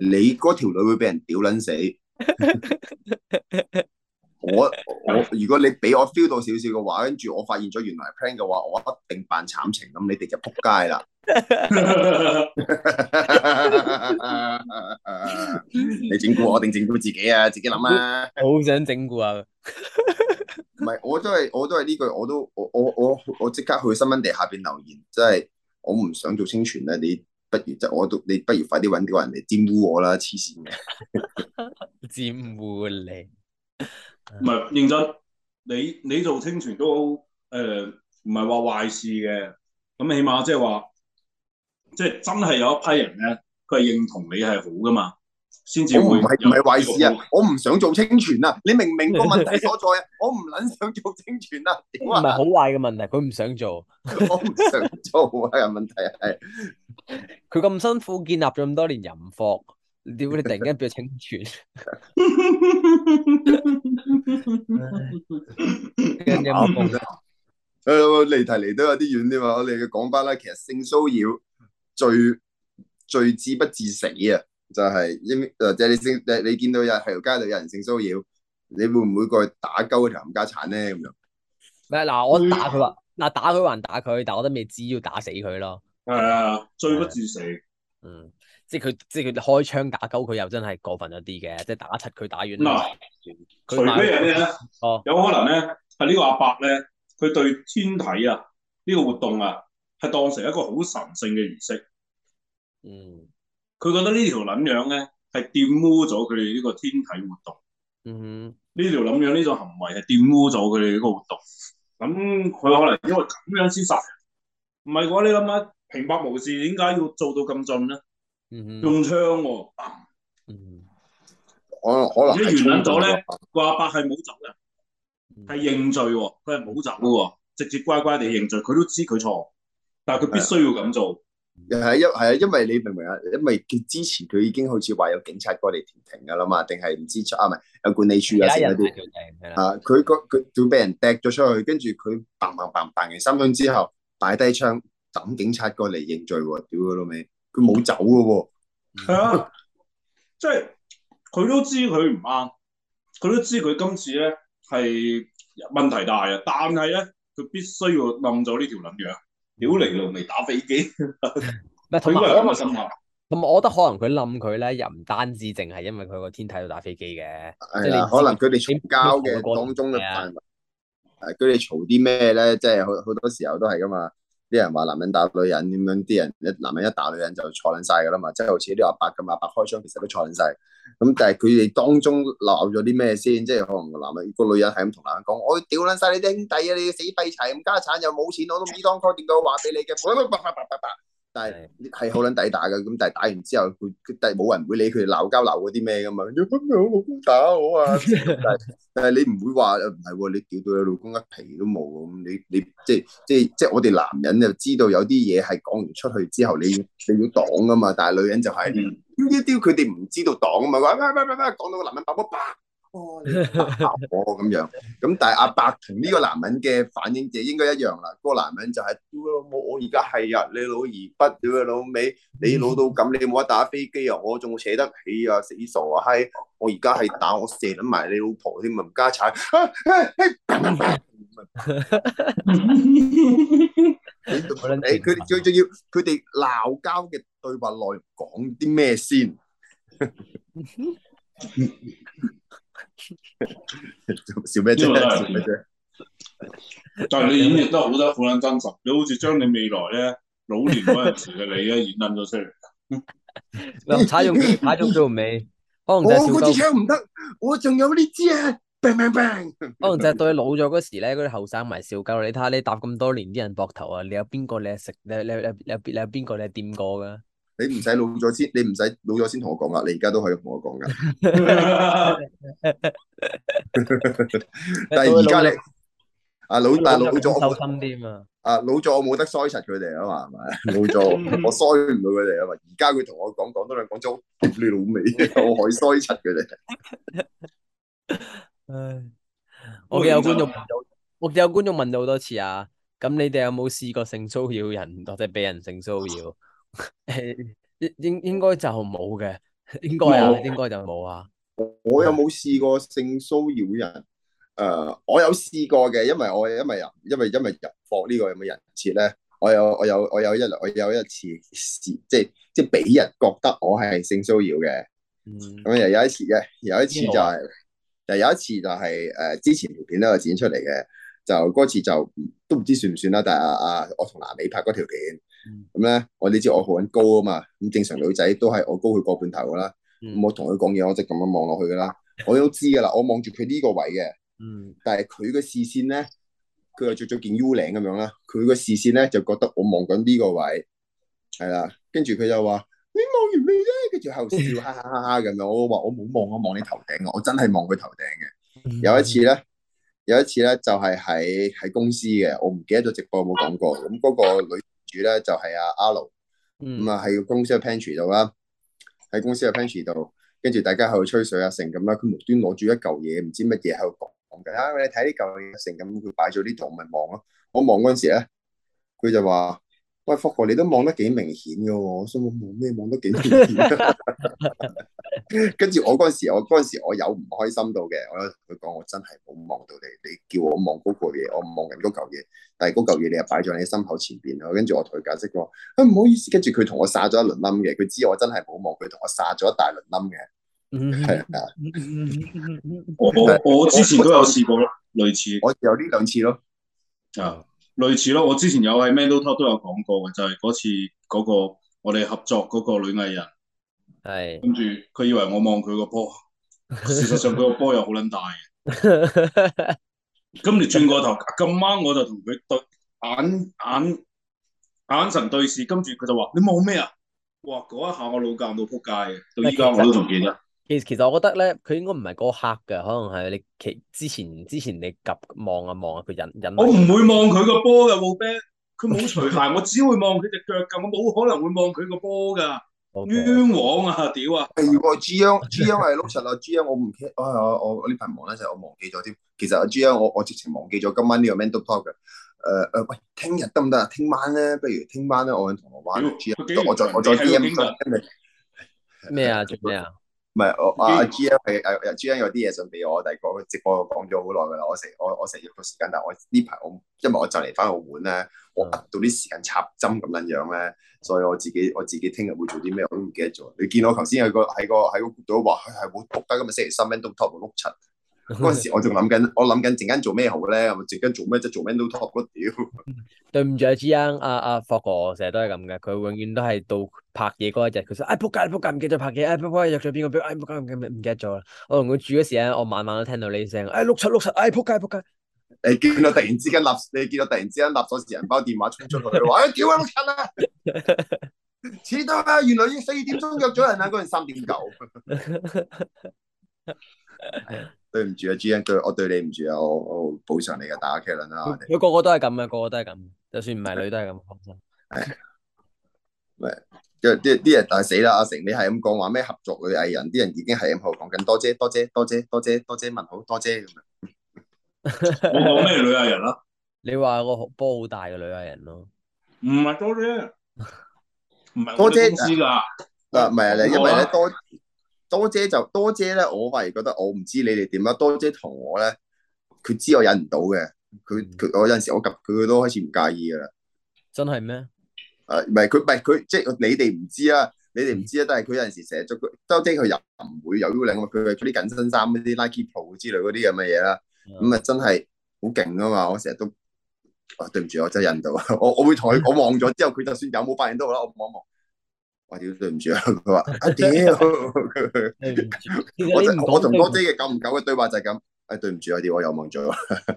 你嗰條女會俾人屌撚死。 我我如果你俾我 feel 到少少嘅話，跟住我發現咗原來 plan 嘅話，我一定扮慘情咁，你哋就撲街啦。 你整蠱我定整蠱自己啊？自己諗啊！好想整蠱啊！唔 係我都係我都係呢句，我都我我我我即刻去新聞地下邊留言，即係我唔想做清傳啊。你不如就我都你不如快啲揾啲人嚟玷污我啦，黐線嘅
玷污你。唔係認真，你你做清傳都誒唔係話壞事嘅，咁起碼即係話。即係真係有一批人咧，佢係認同你係好噶嘛，先至會唔係唔係壞事啊？我唔想做清泉啊！你明唔明個問題所
在？ 我唔捻想做清泉啊！唔係好壞嘅問題，佢唔想做，我唔想做啊！問題係
佢咁辛苦建立咗咁多年淫貨，點會突然間變清
泉？
誒， 離、 啊、題離得有啲遠啲嘛？我哋嘅講翻啦，其實性騷擾。最最罪不至死啊！就係因為誒，即係你你見到有喺街度有人性騷擾，你會唔會過去打鳩嗰條冚家鏟咧？咁
樣以？誒嗱，我打佢啦！嗱，打佢還打佢，但係我都未知要打死佢咯。係
啊，罪不至死。嗯，
即係佢，即係佢開槍打鳩佢，又真係過分一啲嘅，即係打柒佢
打完。嗱、啊，除咩嘢咧？哦、有可能咧，係呢個阿伯咧，佢對天體啊，呢個活動啊。係當成一個好神聖嘅儀式，嗯，佢覺得這條人呢條捻樣咧係玷污咗佢哋呢個天體活動，嗯，
呢條捻樣呢種
行為係玷污咗佢哋呢個活動。咁、嗯、佢可能因為咁樣先殺人，唔係嘅，你諗下平白無事，點解要做到咁盡咧？用槍喎，嗯，
可能可能係。如果冤枉咗咧，
個阿伯係冇走嘅，係認罪喎、哦，佢係冇走嘅，直接乖乖地認罪，佢都知佢錯。但係佢必須要咁做，
係一係啊，因為你明唔明啊？因為佢之前佢已經好似話有警察過嚟停停噶啦嘛，定係唔知出啊？唔係有管理處人啊？成一啲啊，佢個佢仲俾人掟咗出去，跟住佢砰砰砰砰嘅三分之後，擺低槍等警察過嚟認罪喎，屌佢老味，佢冇走噶喎，係啊，
啊 即係佢都知佢唔啱，佢都知佢今次咧係問題大啊，但係咧佢必須要冧咗呢條撚樣。屌嚟路未打飛機，
咩係退糧啊嘛， 我，覺我覺得可能佢冧佢咧，又唔單止淨係因為佢個天體度打飛機嘅，係的可能佢哋嘈交嘅
當中嘅氛圍，佢哋嘈啲咩咧，即係好好多時候都係噶嘛。啲人話男人打女人咁樣，啲人一男人一打女人就錯撚晒噶啦嘛，即係好似啲阿伯咁，阿伯開槍其實都錯撚晒，咁但係佢哋當中鬧咗啲咩先？即係可能個男人個女人係咁同男人講：我屌捻晒你啲兄弟啊，你死廢柴咁家產又冇錢，我都唔知當初點解話俾你嘅，但係係好撚抵打嘅，咁但係打完之後佢佢第冇人會理佢鬧交鬧嗰啲咩噶嘛，我老公打我啊！但係但係你唔會話唔係喎，你屌到你老公一皮都冇咁，你你即係即係即係我哋男人就知道有啲嘢係講完出去之後你你要擋噶嘛，但係女人就係呢啲佢哋唔知道擋啊嘛，喂講到個男人爆煲爆。哦，你白我咁樣，咁但係阿伯同呢個男人嘅反應就應該一樣啦。嗰、那個男人就係、是，我我而家係啊，你老而不老尾，你老到咁，你冇得打飛機啊，我仲扯得起啊，死傻閪、啊！我而家係打我射甩埋你老婆添啊，家、啊、
產。
你佢最重要，佢哋鬧交嘅對話內容講啲咩先？ 笑咩啫？
但係你演繹得好得，好捻真實。你好似將你未來咧，老年嗰
陣時嘅你咧，演捻咗出嚟。又踩到，踩到最尾。我嗰支槍
唔得，我仲有呢支啊！bang bang bang。
可能就係對老咗嗰時咧，嗰啲後生咪笑夠。你睇下你搭咁多年啲人膊頭啊，你有邊個？你係食？你你你你有邊個？你
係掂過噶？你唔使老咗先，你唔使老咗先同我講啊，你而家都可以同我講噶。但係而家咧，啊老但係老咗，我收心啲啊。啊老咗，我冇得篩實佢哋啊嘛，係咪？冇咗，我篩唔到佢哋啊嘛。而家佢同我講廣東話，廣州啲老味，我可以篩實佢哋。唉，我記得有觀眾，我記得
有觀眾問到好多次啊。咁你哋有冇試過性騷擾人，或者俾人性騷擾？ 應應應該就冇嘅，
應該啊，我
應該就冇啊。
我有冇試過性騷擾人？誒、uh，我有試過嘅，因為我因為，因為入因為因為入貨呢個有冇人設咧？我有我有我有一我有一次事，即即俾人覺得我係性騷擾嘅。咁又、嗯、有一次嘅，有一次就係、是，又有一次就係、是、誒、呃，之前條片都有剪出嚟嘅，就嗰次就都唔知算唔算啦。但係啊啊我同南美拍嗰條片。咁咧、嗯嗯嗯，我呢支我好搵高啊嘛，咁正常女仔都係我高佢個半頭噶啦，咁、嗯嗯、我同佢講嘢，我即係咁樣望落去噶啦，我都知噶啦，我望住佢呢個位嘅，但係佢嘅視線咧，佢又着咗件 U 領咁樣啦，佢嘅視線咧就覺得我望緊呢個位，係啦，跟住佢就話你望完未啫？跟住喺度笑哈哈哈哈咁樣，我話我冇望，我望你頭頂，我真係望佢頭頂嘅，有一次咧，有一次咧就係喺喺公司嘅，我唔記得咗直播有冇講過，咁、那、嗰個女。咧、嗯、就係阿阿盧，咁啊喺公司嘅 pantry 度啦，喺公司嘅 pantry 度，跟住大家喺度吹水啊，成咁啦，佢無端攞住一嚿嘢唔知乜嘢喺度講緊，你睇呢嚿嘢成咁，佢擺咗啲圖咪望咯，我望嗰陣時咧，佢就話。喂，福哥，你都望得幾明顯噶？ 我想望咩？望得幾明顯？跟住我嗰陣時，我陣時我有唔開心到嘅，我同佢講，我真係冇望到你。你叫我望嗰個嘢，我唔望緊嗰嚿嘢，但係嗰嚿嘢你又擺咗喺你心口前邊啦。跟住我同佢解釋過，我，哎，唔好意思。跟住佢同我耍咗一輪冧嘅，佢知我真係冇望。佢同我耍咗一大輪冧嘅。係、嗯、
啊。嗯、我、嗯、我之前都有試過我類似，我有呢兩次咯。啊、嗯。類似咯，我之前有喺 Mano Talk 都有講過嘅，就係、是、嗰次嗰個我哋合作嗰個女藝人，係是，跟住佢以為我望佢個波，事實上佢個波又好撚大，咁你轉過頭，咁晚我就同佢對眼眼眼神對視，跟住佢就話你望咩啊？哇！嗰一下我老尷到撲街嘅，到依家我都仲記得。其實我覺得
咧，佢應該唔係嗰個黑嘅，可能係你其之前之前你 𥄫 望啊望啊，佢引
引我唔會望佢個波嘅，冇咩，佢冇除鞋，我只會望佢隻腳噶，我冇可能會望佢個波噶，冤枉啊，屌啊！另
外 G Young，G Young 係老實話，G Young 我唔，我我呢份忙咧就我忘記咗添。其實阿 G Young 我我直情忘記咗今晚呢個 mental talk 嘅。誒誒，喂，聽日得唔得啊？聽晚咧，不如聽晚咧，我同我玩。我 G Young 我再我再 M
咩啊？做咩啊？唔係我阿 G
m G 有啲嘢想俾我，但係個直播我講咗好耐㗎啦，我成我我成日個時間，但我呢排我因為我就嚟翻澳門咧，我到啲時間插針咁撚樣咧，所以我自己我自己聽日會做啲咩我都唔記得咗。你見我頭先喺個喺個喺個度話佢係冇讀得今日星期三分鐘突破六七。嗰陣時我仲諗緊，我諗緊陣間做咩好咧？我陣間做咩就做咩都拖個屌！
對唔住阿志啊，阿阿霍哥成日都係咁嘅，佢永遠都係到拍嘢嗰一日，佢說：哎扑街扑街，唔記得拍嘢！哎扑街約咗邊個邊？哎扑街唔記得唔記得咗啦。我同佢住嘅時咧，我晚晚都聽到呢聲：哎碌柒碌柒！哎扑街扑街！你、哎、見到突然之
間立，你見到突然之間立鎖匙、銀包、電話衝出嚟，話：哎屌啊碌柒啊！ 遲到啊！原來要四點鐘約咗人啊，嗰陣三點九。 對唔住啊朱茵，對我對你唔住啊，我補償你嘅打 K 輪啦。
佢個個都係咁嘅，個個都係咁，就算唔係女都係咁。係，
喂，啲啲人但係死啦，阿成，你係咁講話咩合作女藝人？啲人已經係咁好我講緊，多謝多謝多謝多謝多謝問好，多謝咁啊。
我講咩女藝人咯？
你話個波好大嘅女藝人咯？唔係
多謝，唔係多謝公
司噶。啊，唔係啊，你因為咧多。多姐就多姐咧，我反而覺得我唔知你哋點啊。多姐同我咧，佢知我忍唔到嘅。佢佢、嗯、我有陣時我及佢佢都開始唔介意噶啦。
真係咩？
誒，唔係佢，唔係佢，即係你哋唔知啊，你哋唔知啊。但係佢有陣時成日做捉，佢多姐佢又唔會有呢腰領，佢佢啲緊身衫啲 Nike Pro 之類嗰啲咁嘅嘢啦。咁啊真係好勁啊嘛！我成日都啊，對唔住，我真係忍唔到， 我我會同佢我望咗之後，佢就算有冇發現都好啦，我望一望。阿屌，對唔住啊！佢話：阿 我同哥姐嘅久唔久嘅對話就係咁。誒、哎，對唔住阿屌，我有望住。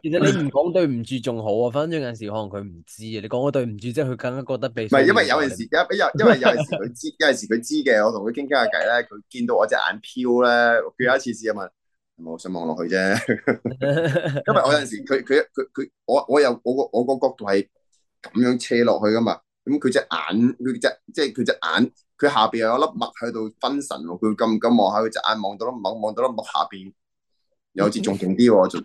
其實你唔講對唔住
仲好啊，反正有陣時可能佢唔知啊。你講我對唔住，即係佢更加覺得被。唔係，因為有陣時，
因因因為有陣時佢 知，有陣時佢知嘅。我同佢傾傾下偈咧，佢見到我隻眼飄咧，佢有一次試 嘛，我想望落去啫。因為我有陣時佢佢佢佢，我我又我個我個角度係咁樣斜落去噶嘛。咁佢隻眼，佢隻即係佢隻眼。佢下邊又有粒墨喺度分神，佢咁咁望下，佢隻眼望到粒墨，望到粒墨下邊，有好似仲勁啲喎， 就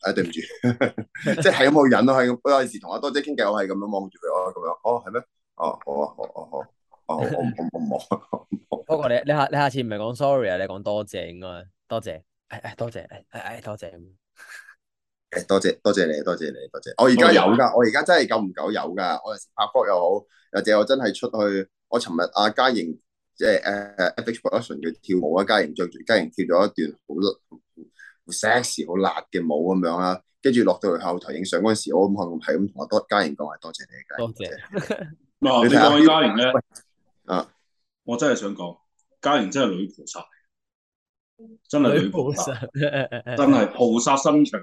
哎對唔住，即係有冇忍咯，係嗰陣時同阿多姐傾偈，我係咁樣望住佢，我咁樣，哦係咩？哦好啊好啊好，好，好，好，好，好，
不過你，你下你下次唔係講 sorry 啊，你講多謝應該，
多謝，誒多謝，誒多謝，誒多謝多謝你，多謝你，多謝，我而家有噶，我而家真係夠唔夠有噶，我有時拍又好，或者我真係出去。我尋日阿嘉瑩即係誒 Production 嘅佢跳舞啊，嘉瑩着住嘉瑩跳咗一段好 sexy 好辣嘅舞咁樣啊，跟住落到去後台影相嗰陣時，我咁係咁係咁同阿嘉瑩講，係多謝你，嘉
瑩。多謝。嗱看，你講阿嘉瑩咧，啊，我真係想講，嘉瑩真係女菩薩，真係女菩薩，真係菩薩心腸，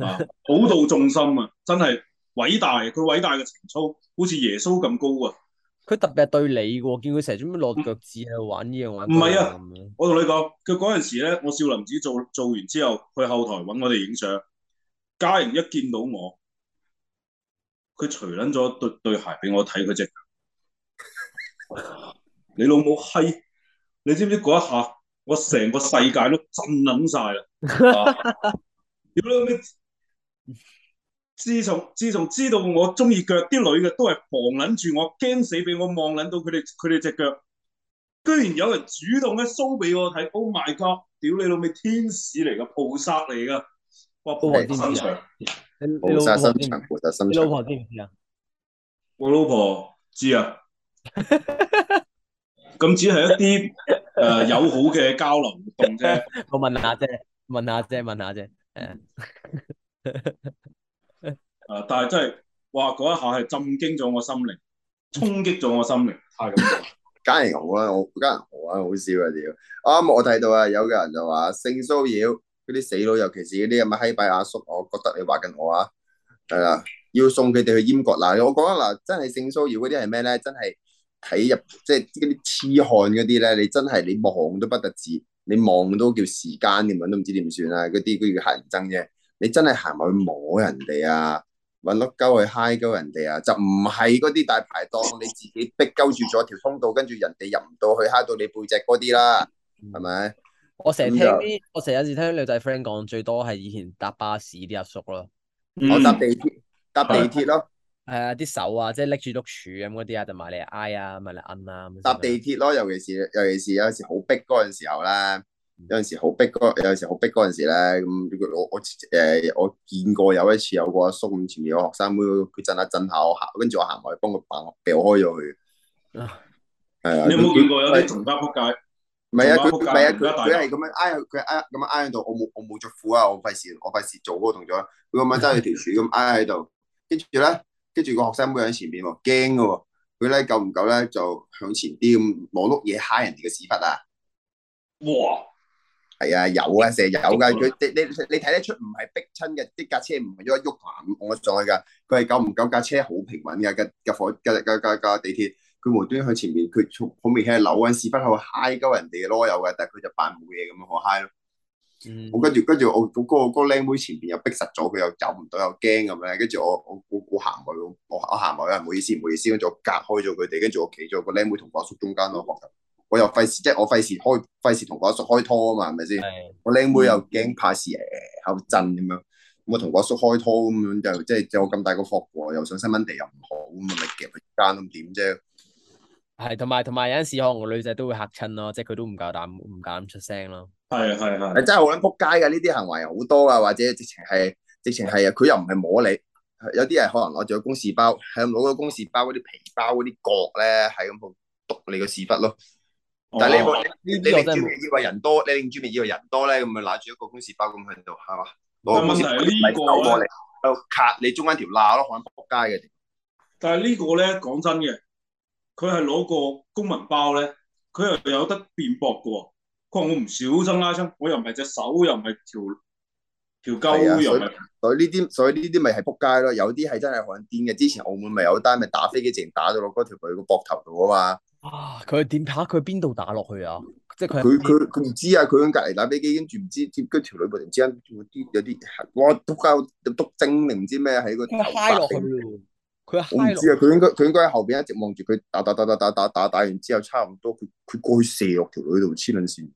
啊，普度眾生啊，真係偉大，佢偉大嘅情操好似耶穌咁高啊！
佢特別係對你嘅喎，見佢成日做咩攞腳趾喺度、嗯、玩嘢玩，唔係
啊！我同你講，佢嗰陣時咧，我少林寺做做完之後，去後台揾我哋影相，家瑩一見到我，佢除撚咗對對鞋俾我睇，佢隻腳 你老母閪！你知唔知嗰一下，我成個世界都震撚晒啦！屌、 啊、你。自從自從知道我中意腳，啲女嘅都係防捻住我，驚死俾我望捻到佢哋佢哋隻腳，居然有人主動咧 show 俾我睇，Oh my god！屌你老味，天使嚟嘅，菩薩嚟噶，哇！我知知菩薩心腸，菩薩心腸，你老婆知唔知啊？老知知我老婆知，知 啊，咁只係一啲誒友好嘅交流活動啫。
我問一下啫，問下啫，問下啫。誒。
誒，但係真係，哇！嗰一下係震驚咗我的心靈，衝擊咗我的心靈，係、
就是。梗係我啦，我梗係我啦，好笑啊屌！啱、啊嗯、我睇到啊，有嘅人就話性騷擾嗰啲死佬，尤其是啲咁嘅閪拜阿叔，我覺得你話緊我啊，係啊，要送佢哋去閹國嗱，我覺得嗱，真係性騷擾嗰啲係咩咧？真係睇入即係嗰啲痴漢嗰啲咧，你真係你望都不得字，你望都叫時間，你揾都唔知點算啊！嗰啲嗰叫黑人憎啫，你真係行埋去摸人哋啊！揾碌勾去嗨鳩人哋啊，就唔係嗰啲大排檔，你自己逼勾住咗條通道，跟住人哋入唔到去嗨到你背脊嗰啲啦，係咪？我成日聽啲，
我成日有時聽女仔 friend 講，最多係以前搭巴士啲阿叔咯，我搭、嗯、地鐵，搭地，、嗯、地鐵咯，係啊，啲手啊，即係拎住碌柱咁嗰啲啊，就埋嚟挨啊，咪嚟摁啊，搭地
鐵咯，尤其是尤其是有時好逼嗰陣時候咧。有陣時好逼嗰，有陣時好逼陣時咧，咁我我誒我見過有一次有一個阿叔咁，前面個學生妹佢震下震下我行，跟住我行埋去幫佢把掉開咗佢。
係啊。你有冇見過有啲重家仆街？唔係啊，佢唔係啊，佢係咁樣挨
佢挨咁樣挨喺度，我冇我冇着褲啊，我費事我費事做嗰個動作，佢咁樣揸住條樹咁挨喺度，跟住咧跟住個學生妹喺前面喎，驚噶，佢咧夠唔夠咧就向前啲咁攞碌嘢揩人哋嘅屎忽啊！哇！係啊，有啊，成日有噶、啊。佢你你你睇得出唔係逼親嘅，呢架車唔係喐一喐行，我再噶。佢係夠唔夠架車好平穩嘅？架架火架架架架地鐵，佢無端向前面，佢從好明顯係扭緊屎忽去 high 鳩人哋嘅囉柚嘅。但係佢就扮冇嘢咁樣，好 high 咯。嗯，我跟住跟住我嗰個、嗰個僆妹前邊又逼實咗，佢又走唔到，又驚咁樣。跟住我我我行佢，我我行佢，唔好意思，唔好意思。跟住我隔開咗佢哋，跟住我企咗、個僆妹同阿叔中間度學。我又費事，即係我費事開費事同個阿叔開拖啊嘛，係咪先？
的我靚妹，妹又
驚怕，怕事，喺度的、欸、震咁樣。我同個阿叔開拖咁樣，就即係有咁大個伏喎，又上新蚊地又唔好咁咪夾佢間咁點啫？
係同埋同埋有陣時，可能女仔都會嚇親咯，即係佢都唔敢唔敢出聲咯。係
係係，真係好撲街嘅呢啲行為好多啊！或者直情係直情係啊！佢又唔係摸你，有啲人可能攞住個公事包，係攞個公事包嗰啲皮包嗰啲角咧，係咁度篤你個屎忽咯～但係你、哦、你你你拎珠面以為人多，你拎珠面以為人多咧，咁咪攋住一個公事包咁去度，係嘛？冇問題、這個、過你個呢個咧，就卡
你中間條罅咯，可能撲街嘅。但係呢個咧，講真嘅，佢係攞個公文包咧，佢又有得辯駁嘅。佢話我唔小心啦，槍，我又唔係隻手，又唔係條條鳩，又唔係。
所以呢啲，所以呢啲咪係撲街咯。有啲係真係可能癲嘅。之前澳門咪有單，咪打飛機，直打到落嗰條女個膊頭度啊嘛。啊！佢點打？佢邊度打落去啊？即係佢佢佢唔知啊！佢喺隔籬打飛機，跟住唔知接跟條女，突然之間啲有啲我仆街，督精，定唔知咩喺個頭打落去
佢，我唔知啊！
佢應該佢應該喺後邊一直望住佢打打打打打打打打完之後，差唔多佢佢過去射落條女度黐撚線。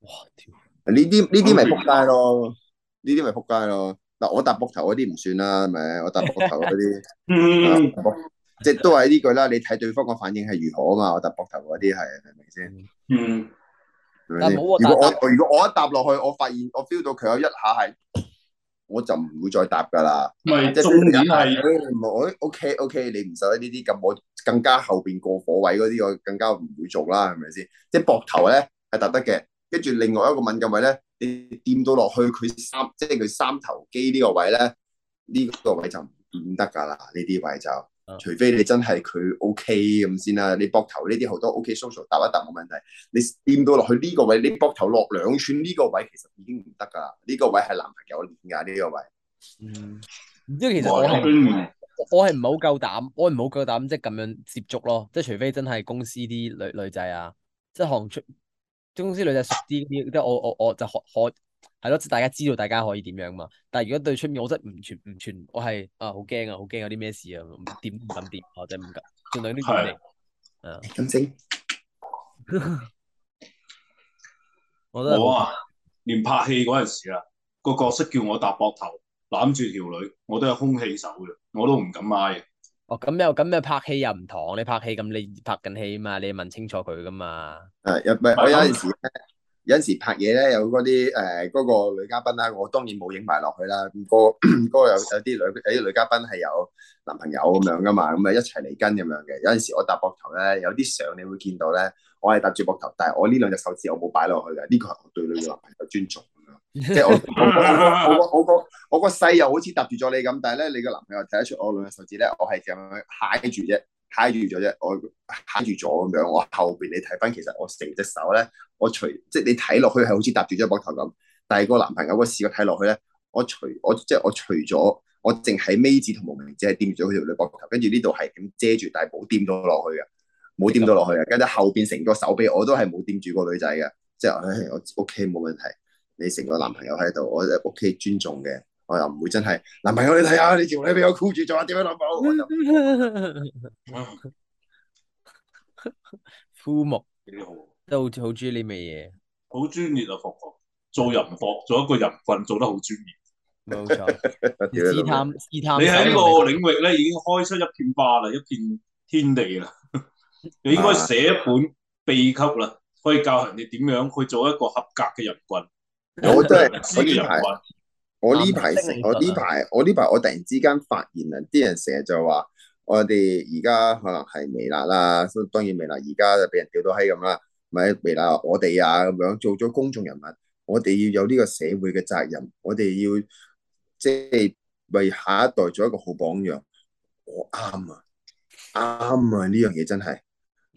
哇！呢啲呢啲咪仆街咯？呢啲咪仆街咯？嗱， 我搭膊頭嗰啲唔算啦，係咪 我搭膊頭嗰啲。嗯。即都係呢句啦，你睇對方個反應係如何啊嘛？我搭膊頭嗰啲係係咪先？嗯是是如，如果我如果我一搭落去，我發現我 feel 到佢有一下係，我就唔會再搭噶啦。咪是即係是終點係。唔係我 OK OK，你唔受得呢啲咁，我更加後邊過火位嗰啲我更加唔會做啦，係咪先？即係膊頭咧係搭得嘅，跟住另外一個敏感位咧，你掂到落去佢三即係佢三頭肌呢個位咧，呢、呢個位就唔掂得噶啦，呢啲位就。啊、除非你真係佢 O K 咁先啦，你膊頭呢啲好多 O K social 搭一搭冇問題，你掂到落去呢個位，你膊頭落兩寸呢個位其實已經唔得噶啦，呢、這個位係男朋友練噶呢個位。
唔知、嗯、其實我係、嗯、我係唔好夠膽，我係唔好夠膽，即係咁樣接觸咯，即係除非真係公司啲女女仔啊，即係行出啲公司女仔熟啲，即係我我我就可可。係咯，即大家知道大家可以點樣嘛。但係如果對出面我，我真係完全唔存，我係啊好驚啊，好驚、啊、有啲咩事啊，點唔敢掂，或者唔敢。
仲有呢個嚟，啊。咁整，我我啊，連拍戲嗰陣時啊，個角色叫我搭膊頭攬住條女，我都係空氣手嘅，我都唔敢嗌。哦，咁又咁嘅拍戲又唔
同，你拍戲咁你拍緊戲嘛，你問清楚佢噶嘛。
係，有咪我有陣時 有陣時拍嘢咧，有嗰啲誒嗰個女嘉賓啦，我當然冇影埋落去啦。嗰個、嗰個有有啲女誒女嘉賓係有男朋友咁樣噶嘛，咁咪一齊嚟跟咁樣嘅。有陣時我搭膊頭咧，有啲相你會見到咧，我係搭住膊頭，但係我呢兩隻手指我冇擺落去嘅。呢個係我對女嘅男朋友尊重咁樣，即係
我我我我
我個我個細又好似搭住咗你咁，但係咧你個男朋友睇得出我兩隻手指咧，我係咁樣揩住啫。揩住咗啫，我揩住咗咁樣。我後邊你睇翻，其實我成隻手咧，我除即係你睇落去係好似搭住咗個膊頭咁。但係個男朋友個視覺睇落去咧，我除我即係我除咗，我淨係尾指同無名指係掂住咗佢條女膊頭，跟住呢度係咁遮住，但係冇掂到落去嘅，冇掂到落去嘅。跟住後邊成個手臂我都係冇掂住個女仔嘅，即係我、哎、我 OK 冇問題。你成個男朋友喺度，我就 OK 尊重嘅。我又唔會真係男朋友，你睇下你條女俾我箍住，仲話點樣濫捕？
枯木幾好，都好好中意呢味嘢，
好專業啊！服服做人服，做一個人棍做得好專業。冇錯，探你喺呢個領域咧，已經開出一片花啦，一片天地啦。啊、 你應該寫一本秘笈啦，可以教人哋點樣去做一個合格嘅人棍。有真係歷史嘅人棍。
我呢排，我呢排，我呢排我突然之間發現啊，啲人成日就話我哋而家可能係微辣啦，當然微辣，而家就俾人屌到閪咁啦，咪微辣我哋啊，咁樣做咗公眾人物，我哋要有呢個社會嘅責任，我哋要即係、就是、為下一代做一個好榜樣。我啱啊，啱啊，呢樣嘢真係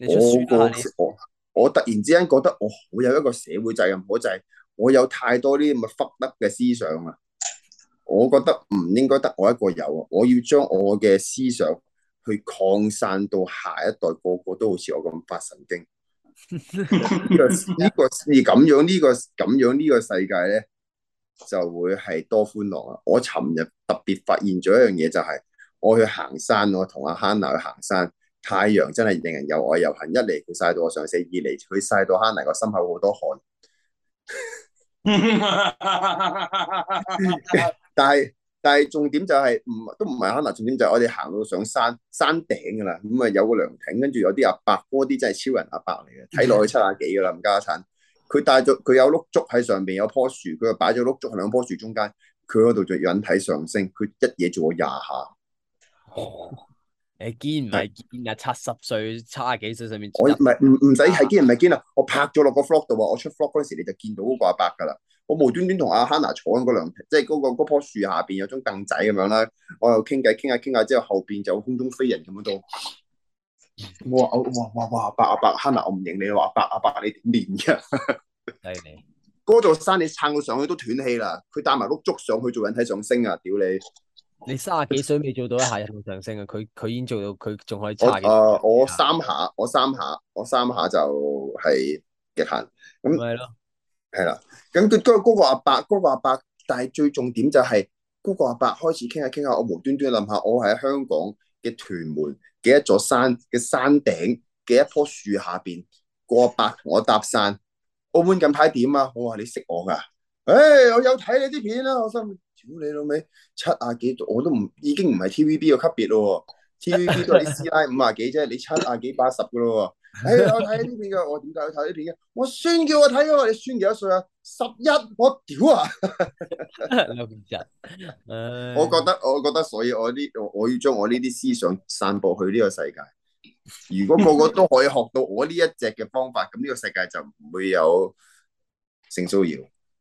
我個我我突然之間覺得我好有一個社會責任，我就係我有太多啲咁嘅忽忽嘅思想啊！我覺得唔應該得我一個有，我要將我嘅思想去擴散到下一代，個個都好似我咁發神經。呢、 呢個是咁、呢個、樣，呢、呢個咁樣呢、呢個世界咧就會係多歡樂啊！我尋日特別發現咗一樣嘢，就係、是、我去行山，我同阿 Hanna 去行山，太陽真係令人又愛又恨。一嚟佢曬到我上死，二嚟佢曬到 Hanna 個心口好多汗。 但係，但係重點就係、是、唔都唔係可能。重點就係我哋行到上山山頂㗎啦。咁啊有個涼亭，跟住有啲阿伯嗰啲真係超人阿伯嚟嘅。睇落去七十幾㗎啦，冚家鏟。佢帶咗佢有碌竹喺上邊，有棵樹，佢就擺咗碌竹喺兩棵樹中間。佢嗰度就引體上升，佢一嘢做咗廿下。
你堅唔係堅啊，是七十歲，差啊幾歲上面，我唔係，唔唔使係堅唔係
堅啊，我拍咗落個 f l o gvlog 度啊，我出 f l o gvlog 嗰時你就見到個阿伯噶啦，我無端端同阿哈娜坐喺、就是那個涼，即係嗰個嗰棵樹下邊有張凳仔咁樣啦，我又傾偈傾下傾下之後後邊就有空中飛人咁樣到，我話我哇哇阿伯阿伯，哈娜我唔認你話阿伯阿伯，伯，伯，伯你點練嘅，犀 嗰你座山你撐到上去都斷氣啦，佢帶埋碌竹上去做引體上升啊，屌你！
你卅幾歲未做到一下有冇上升啊？佢佢已經做到，佢仲可以差我啊、
呃，我三下，我三下，我三下就係極限咁。係咯，係啦。咁佢高高個阿伯，高、那個那個阿伯，但係最重點就係、是、高、那個阿伯開始傾下傾下，我無端端諗下，我喺香港嘅屯門嘅一座山嘅山頂嘅一棵樹下邊，那個阿伯同我搭訕。澳門近排點啊？我話你識我噶？誒、哎，我有睇你啲片啦、啊，我心。屌你老味，七啊幾度，我都唔已經唔係 TVB 個級別咯，TVB 都係啲師奶五啊幾啫，你七啊幾八十噶咯，哎呀，我睇呢片嘅，我點解要睇呢片嘅？我孫叫我睇啊，你孫幾多歲啊？十一，我屌啊！我覺得，我覺得，所以我呢，我要將我呢啲思想散播去呢個世界。如果個個都可以學到我呢一隻嘅方法，咁呢個世界就唔會有性騷擾。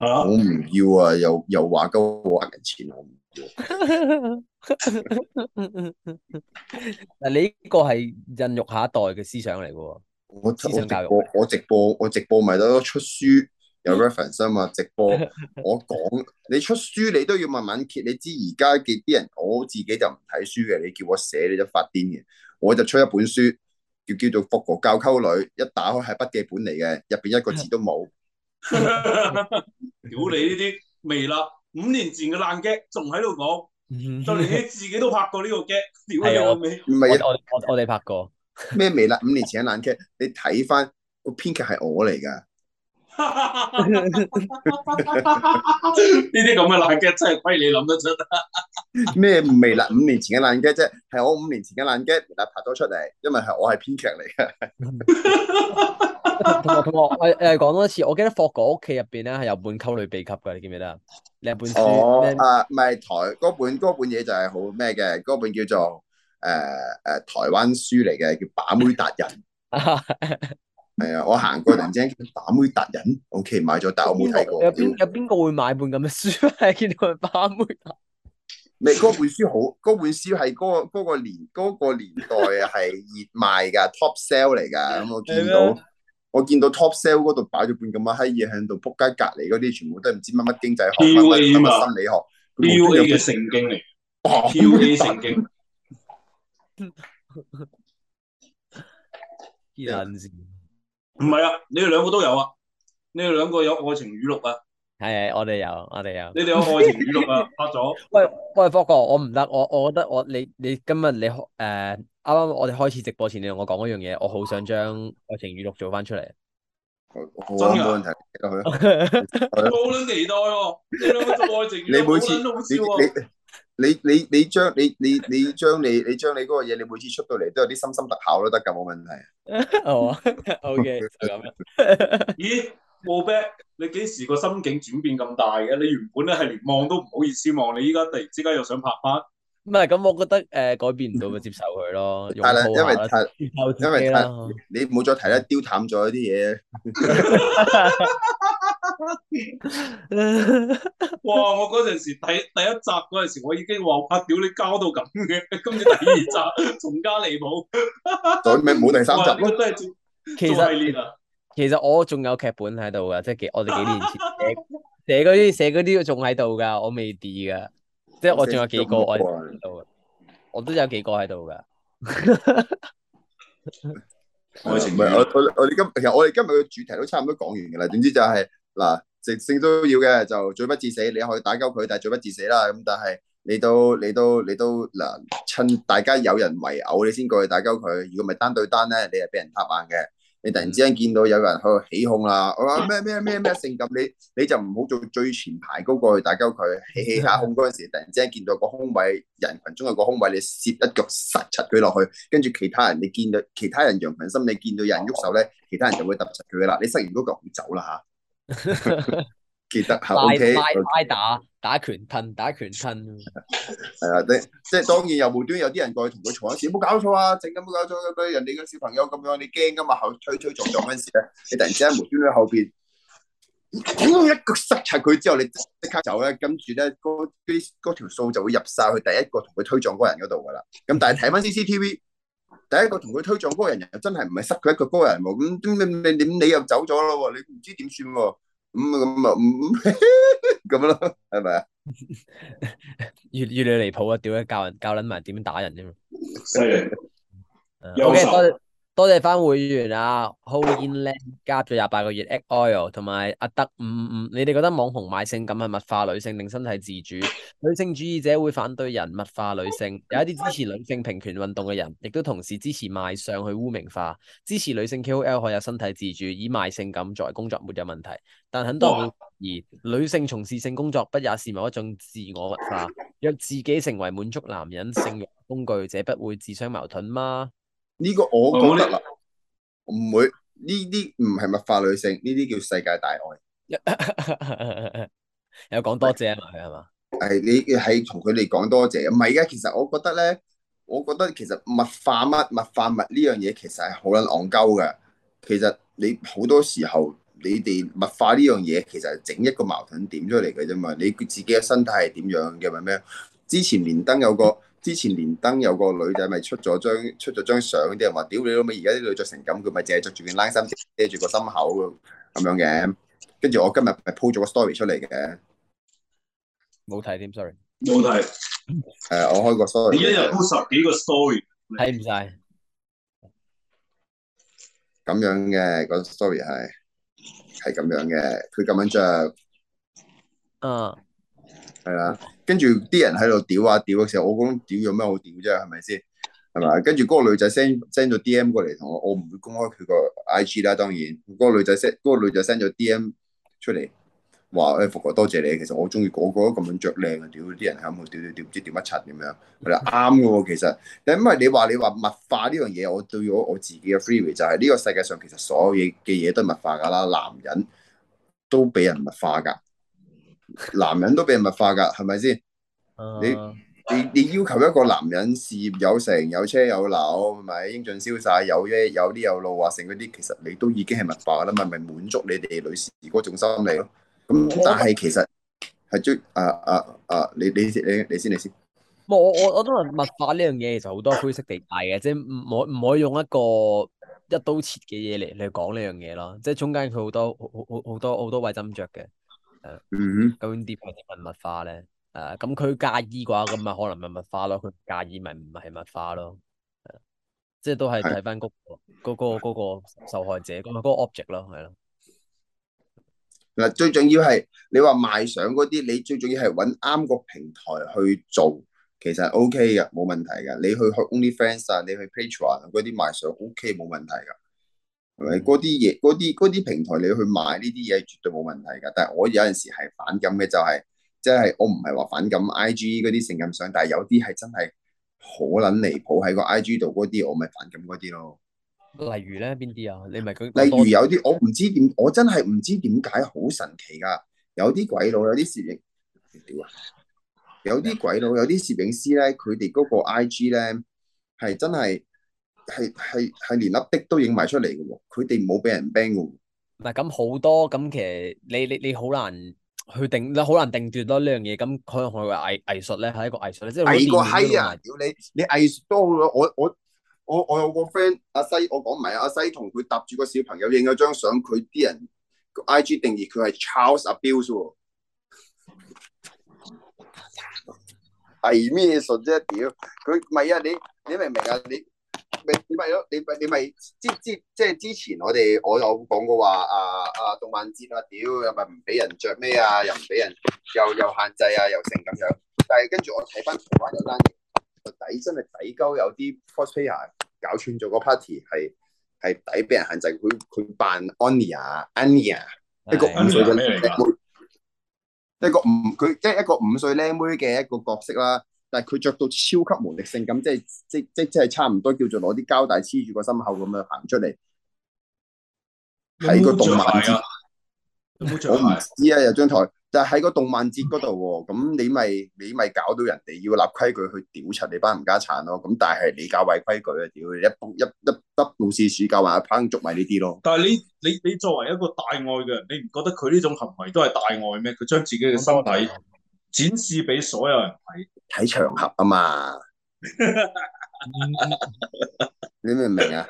我唔要啊！又又話我還人錢，我唔要、
啊。嗱， 你呢個係孕育下一代嘅思想嚟嘅。我直我直播，我
直播，我直播咪都出書有 reference 啊嘛！ 直播我講，你出書你都要慢慢揭。你知而家嘅啲人，我自己就唔睇書嘅。你叫我寫，你都發癲嘅。我就出一本書，叫叫做復國教溝女。一打開係筆記本嚟嘅，入邊一個字都冇。
屌 你呢啲微辣，五年前嘅爛劇仲喺度講，就連你自己都拍過呢個劇，屌你老味？唔係我
我哋拍過咩微辣？五年前嘅爛劇，你睇翻個編劇係我嚟噶。呢啲咁嘅
爛劇真係
虧你諗得出咩未啦？五年前嘅爛劇啫，係我五年前嘅爛劇，而家拍咗出嚟，因為係我係編劇嚟嘅。
同埋同埋，我誒講、呃、多一次，我記得霍哥屋企入邊咧係有本溝女秘笈嘅，你記唔記得啊？有本書咩？哦，
啊，唔係台嗰本嗰本嘢就係好咩嘅，嗰本叫做誒誒、呃、台灣書嚟嘅，叫把妹達人。 係啊，我行過陣間《打妹達人》，我其實買咗，但我冇睇過。有邊有邊個會買本咁嘅書？係 見到《打妹達人》？嗰 本書好，嗰本書係嗰個嗰個年嗰、嗰個年代係熱賣噶 ，top sale 嚟噶。咁我見到嗎我見到 top sale 嗰度擺咗本咁嘅閪嘢喺度，撲街隔籬嗰啲全部都係唔知乜乜經濟學、乜乜 U. A. 心理
學，B U A 嘅聖經嚟，哇！B U A 聖經，唔係啊，你哋兩個都有啊，你哋兩個有愛情語錄啊，係，我哋有，我哋有，你哋有愛
情語錄啊， 拍咗了。喂喂，福哥，我唔得，我我覺得我你你今日你誒啱啱我哋開始直播前你同我講一樣嘢，我好想將愛情語錄做翻出嚟。
仲有冇問題？我
好捻 期待喎、啊，你兩個做愛情，你每次你、啊、你。你
你你你將你你，你將你你你將你你將你嗰個嘢，
你每次出到嚟都有啲新
鮮特效都得㗎，冇問題。 哦
，OK， 就咁這。 咦，冇 b 你幾時個心境轉變咁大嘅？你原本咧係連望都唔好意思望，你依家突然之間又想拍翻。唔係，咁我覺得誒、呃、改變唔到，咪接受
佢咯。係啦， 因為太因為太，你冇再提啦，丟淡咗啲嘢。
哇！我嗰陣時睇第一集嗰陣時，我已經話哇，屌你交到咁嘅。今日第二集仲加離譜，冇 第三集其實
其實我仲有劇本喺度噶，即係我哋幾年前寫嗰啲寫嗰啲仲喺度噶，我未 delete 噶，即係我仲、啊、有幾個愛情喺度，我都有幾個喺度噶。
愛情我我我哋今其實我哋今日嘅主題都差唔多講完噶啦。總之就係嗱。直性都要嘅，就罪不至死。你可以打鳩佢，但係罪不至死啦。咁但係你都你都你都嗱，趁大家有人圍毆你先過去打鳩佢。如果唔係單對單咧，你係俾人拍板嘅。你突然之間見到有人喺度起哄啦，我話咩咩咩咩性噉，你你就唔好做最前排嗰個去打鳩佢。起起下哄嗰陣時，突然之間見到個空位，人群中有個空位，你攝一腳實實佢落去，跟住其他人你見到其他人羊群心，你見到有人喐手咧，其他人就會揼實佢噶啦。你塞完嗰腳要走啦吓。其 得係 O K，挨打打拳褪打拳褪，係啊，即係當然又無端有啲人過去同佢坐一次，冇搞錯啊，整緊冇搞錯，人哋嘅小朋友咁樣，你驚噶嘛？後推推撞撞嗰陣時咧，你突然之間無端喺後邊，一一個塞察佢之後，你即刻走咧，跟住咧嗰嗰條數就會入晒去第一個同佢推撞嗰人嗰度噶啦。咁但係睇翻 C C T V。第一個同佢推撞嗰個人又真係唔係塞佢一個波人喎，咁點你又走咗咯？你唔知點算喎？咁咁啊，咁、嗯、咯，係咪啊？
越越嚟離譜啊！屌你教人教捻埋點樣打人啫嘛。多謝翻會員啊，hold in land 加咗廿八個月 at oil，同埋阿德五五、嗯嗯，你哋覺得網紅賣性感係物化女性定身體自主？女性主義者會反對人物化女性，有一啲支持女性平權運動嘅人，亦都同時支持賣相去污名化，支持女性 K O L 可以有身體自主，以賣性感作為工作沒有問題。但很多人會懷疑，女性從事性工作不也是某一種自我物化，讓自己成為滿足男人性欲工具，這不會自相
矛盾嗎？呢個我講得啦，唔會呢啲唔係物化女性，呢啲叫世界大愛。
有講多謝嘛，佢係
嘛？係吧你係同佢哋講多謝，唔係嘅，其實我覺得咧，我覺得其實物化乜物化物呢樣嘢，其實係好撚戇鳩㗎。其實你好多時候你哋物化呢樣嘢，其實係整一個矛盾點出嚟嘅啫嘛。你自己嘅身體係點樣嘅，為咩？之前連登有個。 之前連登有個女仔咪出咗張出咗張相，啲人話：屌你老味，而家啲女著成咁，佢咪淨係著住件冷衫遮住個心口咁樣嘅。跟住我今日咪 po 咗個 story 出嚟嘅，冇
睇添，sorry，冇睇。
誒，我開個 story。你一日
po 十幾個 story，睇唔曬。
咁樣嘅個 story 係係咁樣嘅，佢咁樣著，嗯。係啦，跟住啲人喺度屌啊屌嘅時候，我講，屌有咩好屌啫，係咪先？係咪？跟住嗰個女仔 send send 咗 D M 過嚟同我，我唔會公開佢個 I G 啦，當然。嗰、嗰個女仔 send、嗰個女仔 send 咗 D M 出嚟，話誒，服、哎、哥，多謝你。其實我中意嗰個咁樣着靚嘅屌啲人喺度屌屌屌，唔知屌乜柒咁樣，係啦，啱嘅喎。其實，但係、嗯、因為你話你話物化呢樣嘢，我對我我自己嘅 freeway 就係呢個世界上其實所有嘢嘅嘢都係物化噶啦，男人都俾人物化噶。男人都俾人物化噶，係咪先？你你你要求一個男人事業有成、有車有樓，係咪英俊瀟灑、有呢有呢有，有路，話成嗰啲，其實你都已經係物化啦嘛，咪滿足你哋女士嗰種心理咯。咁但係其實係最我啊啊啊，你你你你先嚟先。
我我我都話物化呢樣嘢，其實好多灰色地帶嘅，即係唔可唔可以用一個一刀切嘅嘢嚟嚟講呢樣嘢咯。即係中間佢好多好好好多好多位斟酌嘅。
係，
咁樣啲嗰啲物化咧，誒、啊，咁佢介意嘅話，咁咪可能物化咯；佢唔介意，咪唔係物化咯。係、啊，即係都係睇翻嗰個、的那個、那個那個、受害者，同埋嗰個 object 咯，係咯。
嗱，最重要係你話賣相嗰啲，你最重要係搵啱個平台去做，其實 O K 嘅，冇問題嘅。你去 Only Fans 啊，你去 Patreon 嗰、啊、啲賣相 O K，冇問題噶。嗰啲嘢，嗰啲啲平台你去買呢啲嘢，絕對冇問題㗎。但係我有陣時係反感嘅，就係，就係即係我唔係話反感 I G 嗰啲性感相，但係有啲係真係好撚離譜喺個 I G 度嗰啲，我咪反感嗰啲咯。
例如咧，邊啲啊？你咪舉例如有啲
我唔知點，我真係唔知點解好神奇㗎。有啲鬼佬，有啲攝影，有啲鬼佬，有啲攝影師咧，佢哋嗰個 I G 咧係真係。係係係，連粒滴都影埋出嚟嘅喎，佢哋冇俾人 ban 嘅喎。
唔係咁好多咁，其實你你你好難去定啦，好難定奪咯呢樣嘢。咁可能佢嘅藝藝術咧係一個藝術咧，即係。偽個閪啊！
屌你，你藝術都我我我我有個 friend 阿西，我講唔係阿西，同佢搭住個小朋友影咗張相，佢啲人個 IG 定義佢係 child abuse 喎。偽咩術啫？屌佢唔係啊！你你明唔明啊？你你咪咯，你咪你咪之之即係之前我哋我有講過話啊啊動漫節啊屌又咪唔俾人着咩啊，又唔俾人又又限制啊，又成咁樣。但係跟住我睇翻台灣嗰單底真係底高，有啲 cosplayer 搞串咗個 party 係係底俾人限制，佢佢扮 Anya Anya 的一個五歲嘅，咩嚟㗎，一個五佢即係一個五歲靚妹嘅一個角色啦。但係佢着到超級無力性咁，即係即即即係差唔多叫做攞啲膠帶黐住個心口咁樣行出嚟，
喺個動漫節。我唔
知啊，有張台，但係喺個動漫節嗰度喎，咁你咪你咪搞到人哋要立規矩去屌柒你班人家產咯。咁但係你教壞規矩啊，屌你一不一一不冇事，暑假話阿烹捉埋呢啲咯。
但係你你你作為一個大愛嘅，你唔覺得佢呢種行為都係大愛咩？佢將自己嘅心底……展示俾所有人睇，睇場合啊嘛 你白嗎，
你明唔明啊？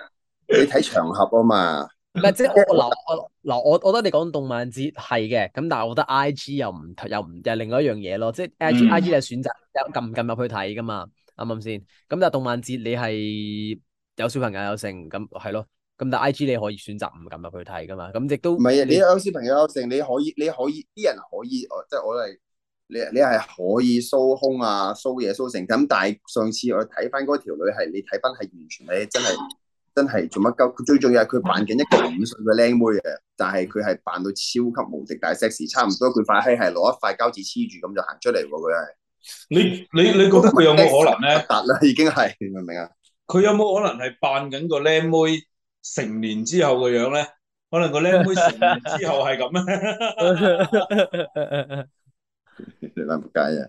你睇場合啊嘛 ，
唔係即係我嗱我嗱我，我覺得你講動漫節係嘅，咁但係我覺得 I G 又唔又唔又係另外一樣嘢咯，即係 I G I G 你選擇撳撳入去睇㗎嘛，啱唔啱先？咁但係動漫節你係有小朋友有性，咁係咯，咁但 I G 你可以選擇唔撳入去睇㗎嘛，咁亦
都唔係，你有小朋友有性，你可以你可以啲人可以，即係我哋。你你係可以掃胸啊、掃嘢、掃成咁，但係上次我睇翻嗰條女係，你睇翻係完全你真係真係做乜鳩？最重要係佢扮緊一個五歲嘅靚妹嘅，但係佢係扮到超級無敵大 sexy，差唔多佢塊閪係攞一塊膠紙黐住咁就行出嚟
喎佢係。你你你覺得佢有冇可能咧？
達啦，已經係明唔明啊？
佢有冇可能係扮緊個靚妹成年之後嘅樣咧？可能個靚妹成年之後係咁咧。
你諗唔計啊？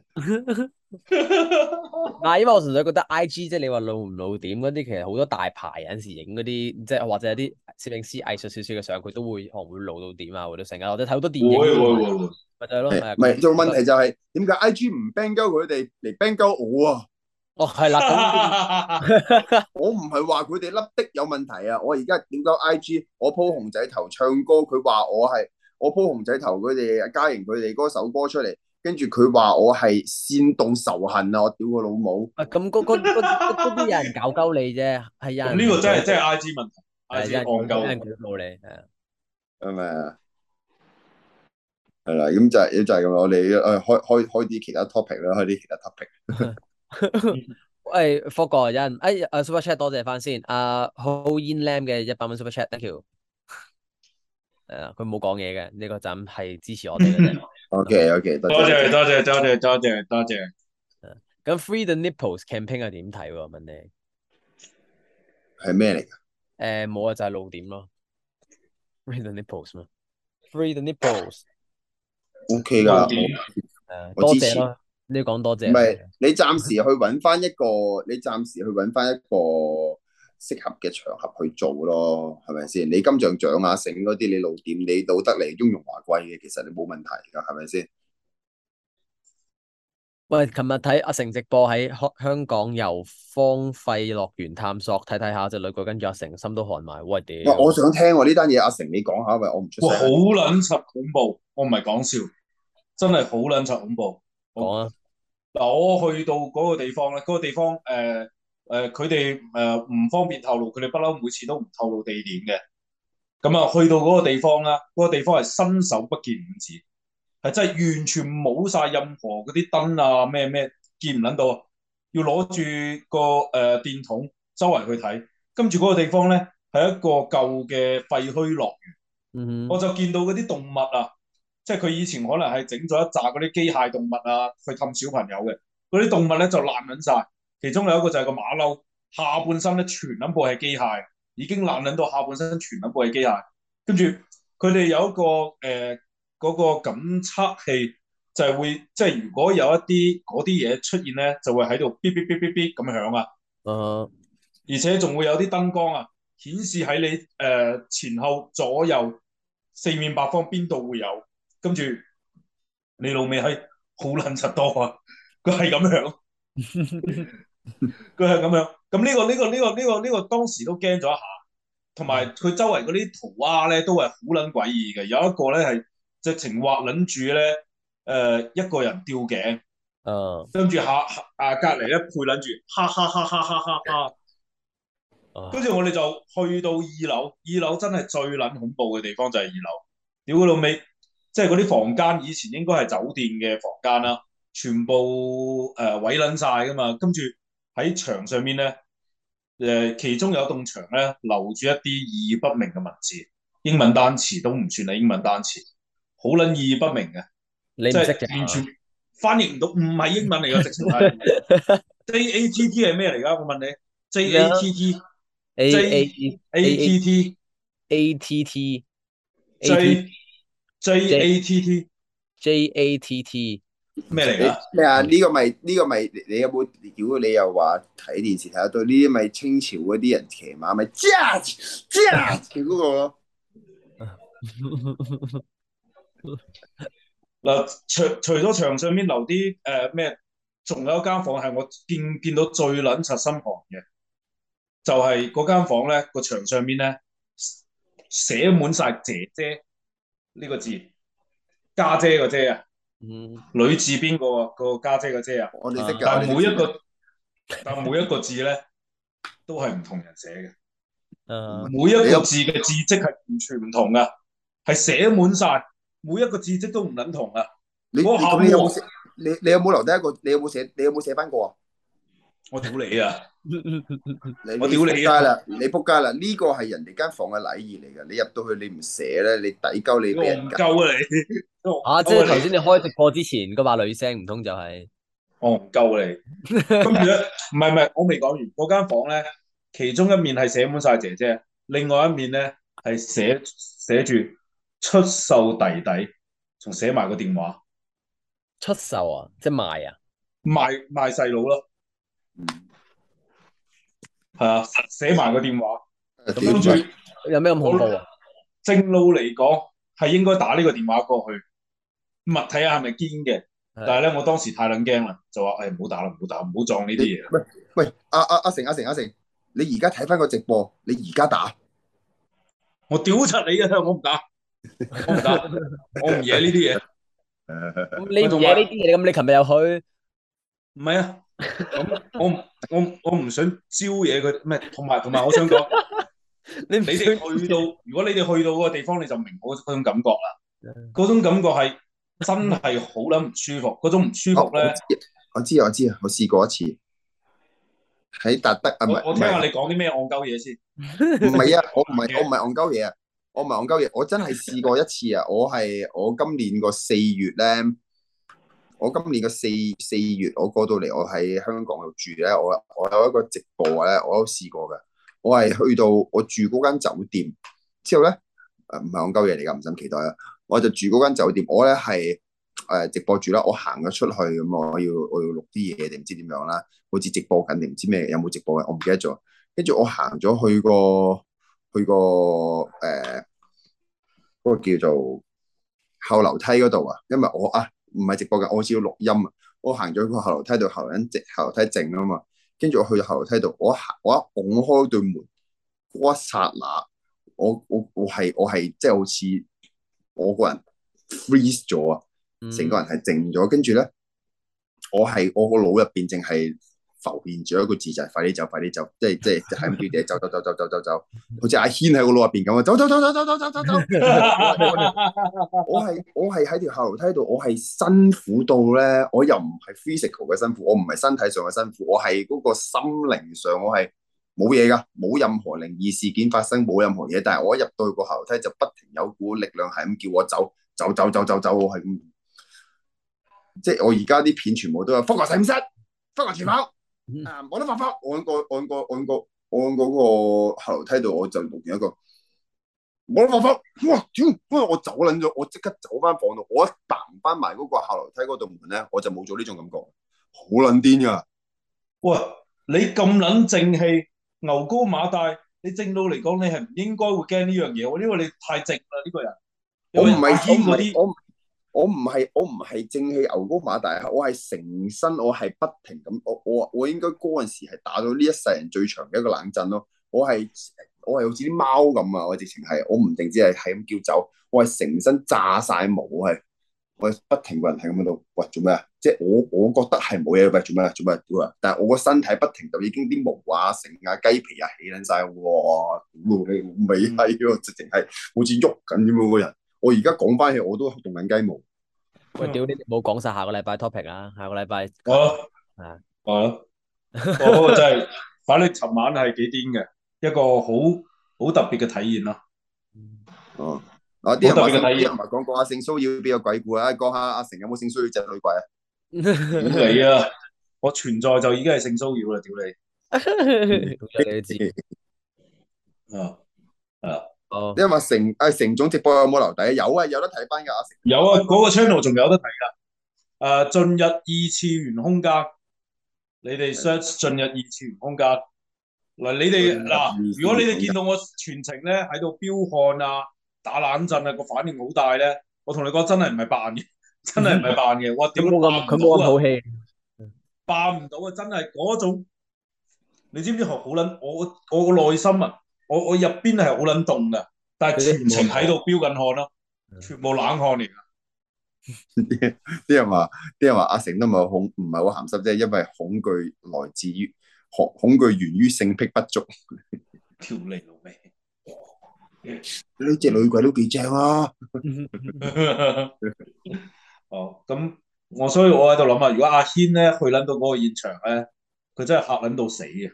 嗱， 因為我純粹覺得 I G 即係你話露唔露點嗰啲，其實好多大牌有陣時影嗰啲即係或者有啲攝影師藝術少少嘅相，佢都會可能會露到點啊，或者成啊，或者睇好多電影咪喂就係咯，唔係仲問題就係、
是、點解 I G 唔 ban 鳩佢哋嚟 ban 鳩我啊？哦，係啦， 我唔係話佢哋粒的有問題啊，我而家點解 I G 我鋪紅仔頭唱歌，佢話我係我鋪紅仔頭，佢哋阿嘉瑩佢哋嗰首歌出嚟。跟住佢話我係煽動仇恨啊！我屌個老母！咁嗰嗰嗰嗰有人搞鳩你
啫，係啊！呢個真係真係 I G 問題，I G 戇鳩，戇鳩你
係啊，係咪啊？係啦，啊，咁、啊、就係、是、就係咁啦。我哋誒開開開啲其他 topic 啦，開啲其他 topic。
喂， 哎，福哥，有人誒，哎啊，super chat 多謝翻先。阿 h in lam 嘅一百蚊 super chat 一條，誒， 啊，佢冇講嘢嘅呢個陣係支持我哋嘅。 O K，O K，多謝多謝多謝多謝多謝，啊，咁 Free the Nipples campaign 係點睇？問你係咩嚟？誒，冇啊，就係露點咯，Free the Nipples 嘛
，Free the Nipples，O
K 噶，誒，多謝啦，
你要講多謝，唔係、啊、
你暫時去搵翻一個，你暫時去搵翻一個。適合嘅場合去做咯，係咪先？你金像獎啊、阿成嗰啲，你露點，你到得嚟雍容華貴嘅，其實你冇問題㗎，係咪先？
喂，琴日睇阿成直播喺香港遊荒廢樂園探索，睇睇下隻女鬼跟住阿成心都寒埋。喂，屌！我想聽呢
單嘢，阿成你講下，喂，我唔出聲。好撚
慘恐怖，我唔係講笑，真係好撚慘恐怖。講啊！嗱，我去到嗰個地方咧，嗰、嗰個地方誒。呃誒，佢哋誒唔方便透露，佢哋不嬲每次都唔透露地點嘅。咁啊，去到嗰個地方啦，嗰、那個地方係伸手不見五指，係真係完全冇晒任何嗰啲燈啊咩咩，見唔捻到，要攞住個誒、呃、電筒周圍去睇。跟住嗰個地方咧，係一個舊嘅廢墟樂園。Mm hmm. 我就見到嗰啲動物啊，即係佢以前可能係整咗一扎嗰啲機械動物啊，去氹小朋友嘅。嗰啲動物咧就爛捻晒。其中有一個就係個馬騮，下半身咧全撚部係機械，已經爛撚到下半身全撚部係機械。跟住佢哋有一個誒嗰、呃那個感測器，就係、是、會即係、就是、如果有一啲嗰啲嘢出現咧，就會喺度嗶嗶嗶咇咇咁響啊！誒，uh huh. 而且仲會有啲燈光啊，顯示喺你誒、呃、前後左右四面八方邊度會有。跟住你老味喺好撚實多啊！佢係咁響。 佢係咁樣，咁呢、這個呢、這個呢、這個呢個呢個，當時都驚咗一下，同埋佢周圍嗰啲塗鴉咧都係好捻詭異嘅，有一個咧係直情畫捻住咧，誒、呃、一個人吊頸，嗯，跟住下啊隔籬咧配捻住，哈、啊、哈哈哈哈哈哈，跟住我哋就去到二樓，二樓真係最捻恐怖嘅地方就係二樓，屌佢老尾，即係嗰啲房間以前應該係酒店嘅房間啦，全部誒毀捻晒噶嘛，跟住。喺牆上面咧，誒，其中有棟牆咧，留住一啲意義不明嘅文字，英文單詞都唔算係英文單詞，好撚意義不明嘅，
你真係完全
翻譯唔到，唔係英文嚟嘅，直接係 JATT 係咩嚟㗎？我問你，JATT，JATT，ATT，JATT，JATT，JATT。
J A T T,
咩嚟
啊？咩啊？呢、這個咪呢、這個咪？你有冇？如果你又話睇電視睇到呢啲咪清朝嗰啲人騎馬咪，呀、就、呀、
是那個，嗰個咯。嗱，除除咗牆上面留啲誒咩？仲、呃、有一間房係我見見到最撚實心寒嘅，就係嗰間房咧個牆上面咧寫滿晒姐姐呢、這個字，家姐個姐啊。女字邊個個家姐個姐，姐啊？我哋識噶。但每一個但每一個字咧，都係唔同人寫嘅。誒， 每一個字嘅字跡係完全唔同噶，係寫滿晒，每一個字跡都唔等同啊。你後邊你你有
冇留低一個？你有冇寫？你有冇寫翻過啊？
我屌你啊！我屌 你！仆街啦！
你仆街啦！呢個係人哋間房嘅禮儀嚟噶，你入到去你唔寫咧，你抵鳩你俾人夾。我唔夠
啊你！阿 姐、啊，即係頭先你開直播之前嗰把女聲唔通就係、
是、我唔夠你？跟住咧，唔係唔係，我未講完。嗰間房咧，其中一面係寫滿晒姐姐，另外一面咧係寫寫住出售弟弟，仲寫埋個電話。出售啊，即係賣啊？賣賣細佬咯。係啊，寫埋個電話，住麼有咩咁好，好？麼正路嚟講係應該打呢個電話過去，唔係睇下係咪堅嘅。的但係咧，我當時太撚驚啦，就話：誒、哎，唔好打啦，唔好打，唔好撞呢啲嘢。喂喂，阿阿阿成阿成阿成，你
而家睇翻個直播，你而家打，打，
我屌
柒你嘅，我唔打，
我唔打，我唔 惹呢啲嘢。喂你仲惹呢啲嘢？咁你琴日又去？唔係啊。咁我我我唔想招惹佢，咩？同埋同埋，我想講你你哋去到，如果你哋去到嗰個地方，你就明嗰嗰種感覺啦。嗰種感覺係真係好捻唔舒服，嗰種唔舒服咧，
我知我知啊，我試過一次喺達德啊，唔係我聽下你講啲
咩戇鳩嘢先，
唔係啊，我唔係我唔係戇鳩嘢啊，我唔係戇鳩嘢，我真係試過一次啊，我係我今年個四月咧。我今年嘅四四月，我過到嚟，我喺香港度住咧。我我有一個直播咧，我都試過嘅。我係去到我住嗰間酒店之後咧，唔係講究嘢嚟㗎，唔使期待啦。我就住嗰間酒店，我咧係誒直播住啦。我行咗出去咁啊，嗯、我要我要錄啲嘢定唔知點樣啦？好似直播緊定唔知咩？有冇直播嘅？我唔記得咗。跟住我行咗去個去個誒嗰個叫做後樓梯嗰度啊，因為我啊～唔係直播嘅，我好似要錄音啊！我行咗個後樓梯度後緊，後樓梯靜啊嘛，跟住我去到後樓梯度，我一我一拱開對門，一剎那，我我我係我係即係好似我個人 freeze 咗啊，成個人係靜咗，跟住咧，我係我個腦入邊淨係，浮現咗一個字就係、是、快啲走，快啲走，即係即係就係咁叫你走走走走走走走，好似阿軒喺我腦入邊咁啊，走走走走走走走走。走走 我係我係喺條下樓梯度，我係辛苦到咧，我又唔係 physical 嘅辛苦，我唔係身體上嘅辛苦，我係嗰個心靈上我，我係冇嘢噶，冇任何靈異事件發生，冇任何嘢，但係我一入到去個下樓梯就不停有股力量係咁叫我走走走走走走，我係咁。即、嗯、係、就是、我而家啲片全部都有覆過洗手室、覆過條樓啊！我都發發按個按個按個按嗰個，個下樓梯度，我就出一個，我得發發哇屌！因為我走捻咗，我即刻走翻房度，我一彈翻埋嗰個下樓梯嗰度門咧，我就冇做呢種感覺，好捻癲噶！
喂，你咁捻正氣，牛高馬大，你正路嚟講，你係唔應該會驚呢樣嘢，因為你太直啦呢個人，我唔係謙嗰啲。我
些我唔係，我唔係正氣牛高馬大，我係成身我係不停咁，我我我應該嗰陣時係打到呢一世人最長嘅一個冷震咯。我係我係好似啲貓咁啊！我直情係我唔定，只係係咁叫走，我係成身炸晒毛，我係我係不停個人喺咁樣度，喂，做咩啊？即係我我覺得係冇嘢，喂，做咩啊？做咩啊？但係我個身體不停就已經啲毛啊、成啊、雞皮啊起撚晒喎，毛尾閪喎，直情係好似喐緊咁樣個人。我而家講翻起我都仲捻雞毛，
喂屌你！冇講晒下個禮拜 topic 啊，下個禮
拜，啊啊，啊 我真係反正尋晚係幾癲嘅，一個好好特別嘅體驗咯，啊，哦、啊，好、嗯、特別嘅體驗。唔係講
講下性騷擾，變個鬼故啊！講下阿成有冇性騷擾隻女鬼啊？
你啊，我存在就已經係
性騷擾啦！屌
你，屌你知，啊啊！
哦、你話成誒成總直播有冇留底啊？有啊，有得睇翻噶。成
有啊，嗰、那個 channel 仲有得睇噶。誒、啊，進入二次元空間，你哋 search 進入二次元空間。嗱對，你哋嗱、啊，如果你哋見到我全程咧喺度飆汗啊，打冷震啊，個反應好大咧，我同你講真係唔係扮嘅，真係唔係扮嘅。我點冇咁佢冇咁好氣，扮唔到啊！真係嗰種，你知唔知學好捻？我我個內心啊～我我入邊係好撚凍噶，但係佢哋全程喺度飆緊汗咯，全部冷汗嚟
㗎。啲人話啲人話阿成都冇恐，唔係好鹹濕啫，因為恐懼來自於恐，恐懼源於性癖不足。
條脷老味，呢隻 女鬼都幾正啊！哦， 咁我所以我喺度諗啊，如果阿軒咧去撚到嗰個現場咧。佢真係嚇撚到死嘅，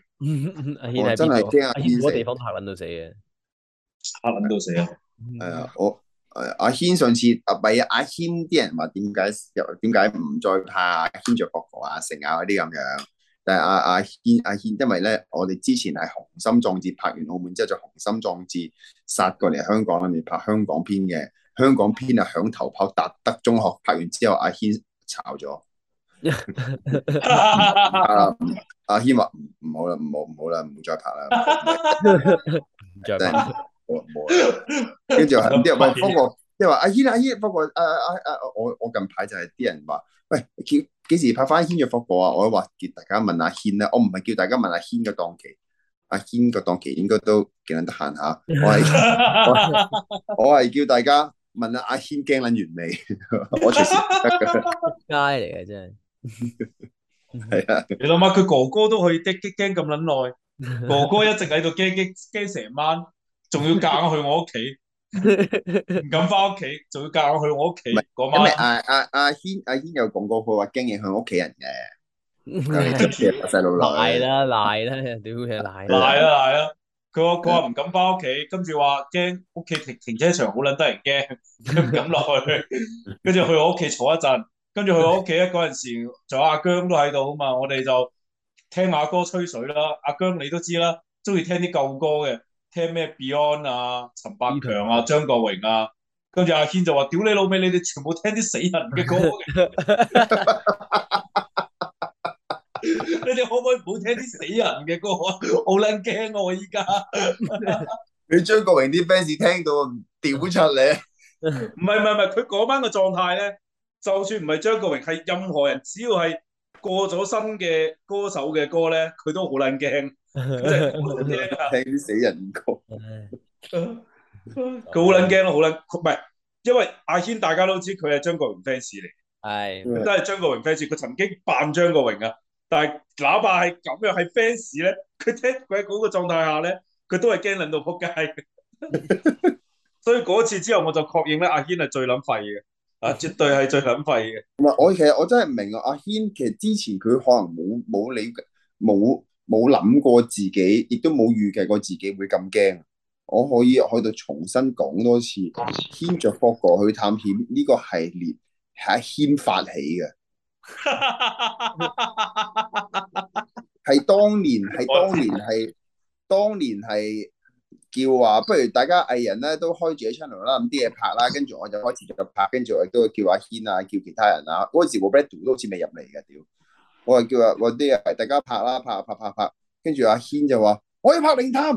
我真係驚啊！嗰地方嚇撚到死啊。嚇撚到死啊！係
啊，我係阿軒上次阿咪阿軒啲人話點解點解唔再拍阿軒著國國啊成啊嗰啲咁樣，但係阿阿軒阿軒因為咧，我哋之前係雄心壯志拍完澳門之後，就雄心壯志殺過嚟香港喇。你拍香港片嘅，香港片啊響頭拍達德中學，拍完之後阿軒炒咗。
阿
阿軒話唔好啦，唔好唔好啦，唔好再拍啦，跟住係啲喂，方哥，即係話阿軒阿軒，方哥，阿阿阿我、 啊啊啊、我,我近排就係啲人話，喂，幾幾時拍翻軒嘅復播啊？我都話叫大家問阿軒啦。我唔係叫大家問阿軒嘅檔期，阿軒個檔期應該都幾捻得閒吓。我係 我係叫大家
問阿阿軒驚捻完未？ 我隨時
街嚟嘅真係。
係啊！你諗下，佢哥哥都可以激激驚咁捻耐，哥哥一直喺度驚激驚成晚，仲要夾我去我屋企，唔敢翻屋企，仲要夾我去我屋企嗰晚。阿
阿阿軒阿軒又講過佢話驚影響屋企人嘅，
細佬瀨啦瀨啦，屌嘢瀨啦瀨
啦！佢話佢話唔敢翻屋企，跟住話驚屋企停停車場好捻得人驚，佢唔敢落去，跟住去我屋企坐一陣。跟住去我屋企咧嗰陣時，仲有阿姜都喺度啊嘛，我哋就聽下歌吹水啦。阿姜你都知啦，中意聽啲舊歌嘅，聽咩 Beyond 啊、陳百強啊、張國榮啊。跟住阿軒就話：屌你老味，你哋全部聽啲死人嘅歌。你哋可唔可以唔好聽啲死人嘅歌啊？好撚驚啊！我依家，你張國榮啲 fans 聽到唔屌出嚟，唔係唔係唔係，佢嗰班嘅狀態咧。就算唔係張國榮，係任何人，只要係過咗身嘅歌手嘅歌咧，佢都好撚驚。即係好撚驚啊，死人歌，佢好撚驚咯，好撚驚，唔係，因為阿軒大家都知佢係張國榮 fans 嚟，係 都係張國榮 fans。佢曾經扮張國榮啊，但係哪怕係咁樣係 fans 咧，佢聽佢喺嗰個狀態下咧，佢都係驚撚到撲街。 所以嗰次之後，我就確認咧，阿軒係最撚廢嘅。啊！絕對係最肯費
嘅。唔係，我其實我真係唔明啊。阿軒其實之前佢可能冇冇理冇冇諗過自己，亦都冇預計過自己會咁驚。我可以喺度重新講多次，牽着 Fogo 去探險呢個系列係阿軒發起嘅，係 當年係當年係當年係。叫話、啊、不如大家藝人咧都開住啲 channel 啦，咁啲嘢拍啦，跟住我就開始就拍，跟住我都會叫阿軒啊，叫其他人啊。嗰、嗰個節目 bread 都好似未入嚟嘅屌，我係叫啊揾啲啊大家拍啦，拍拍拍拍，跟住阿軒就話我要拍零探，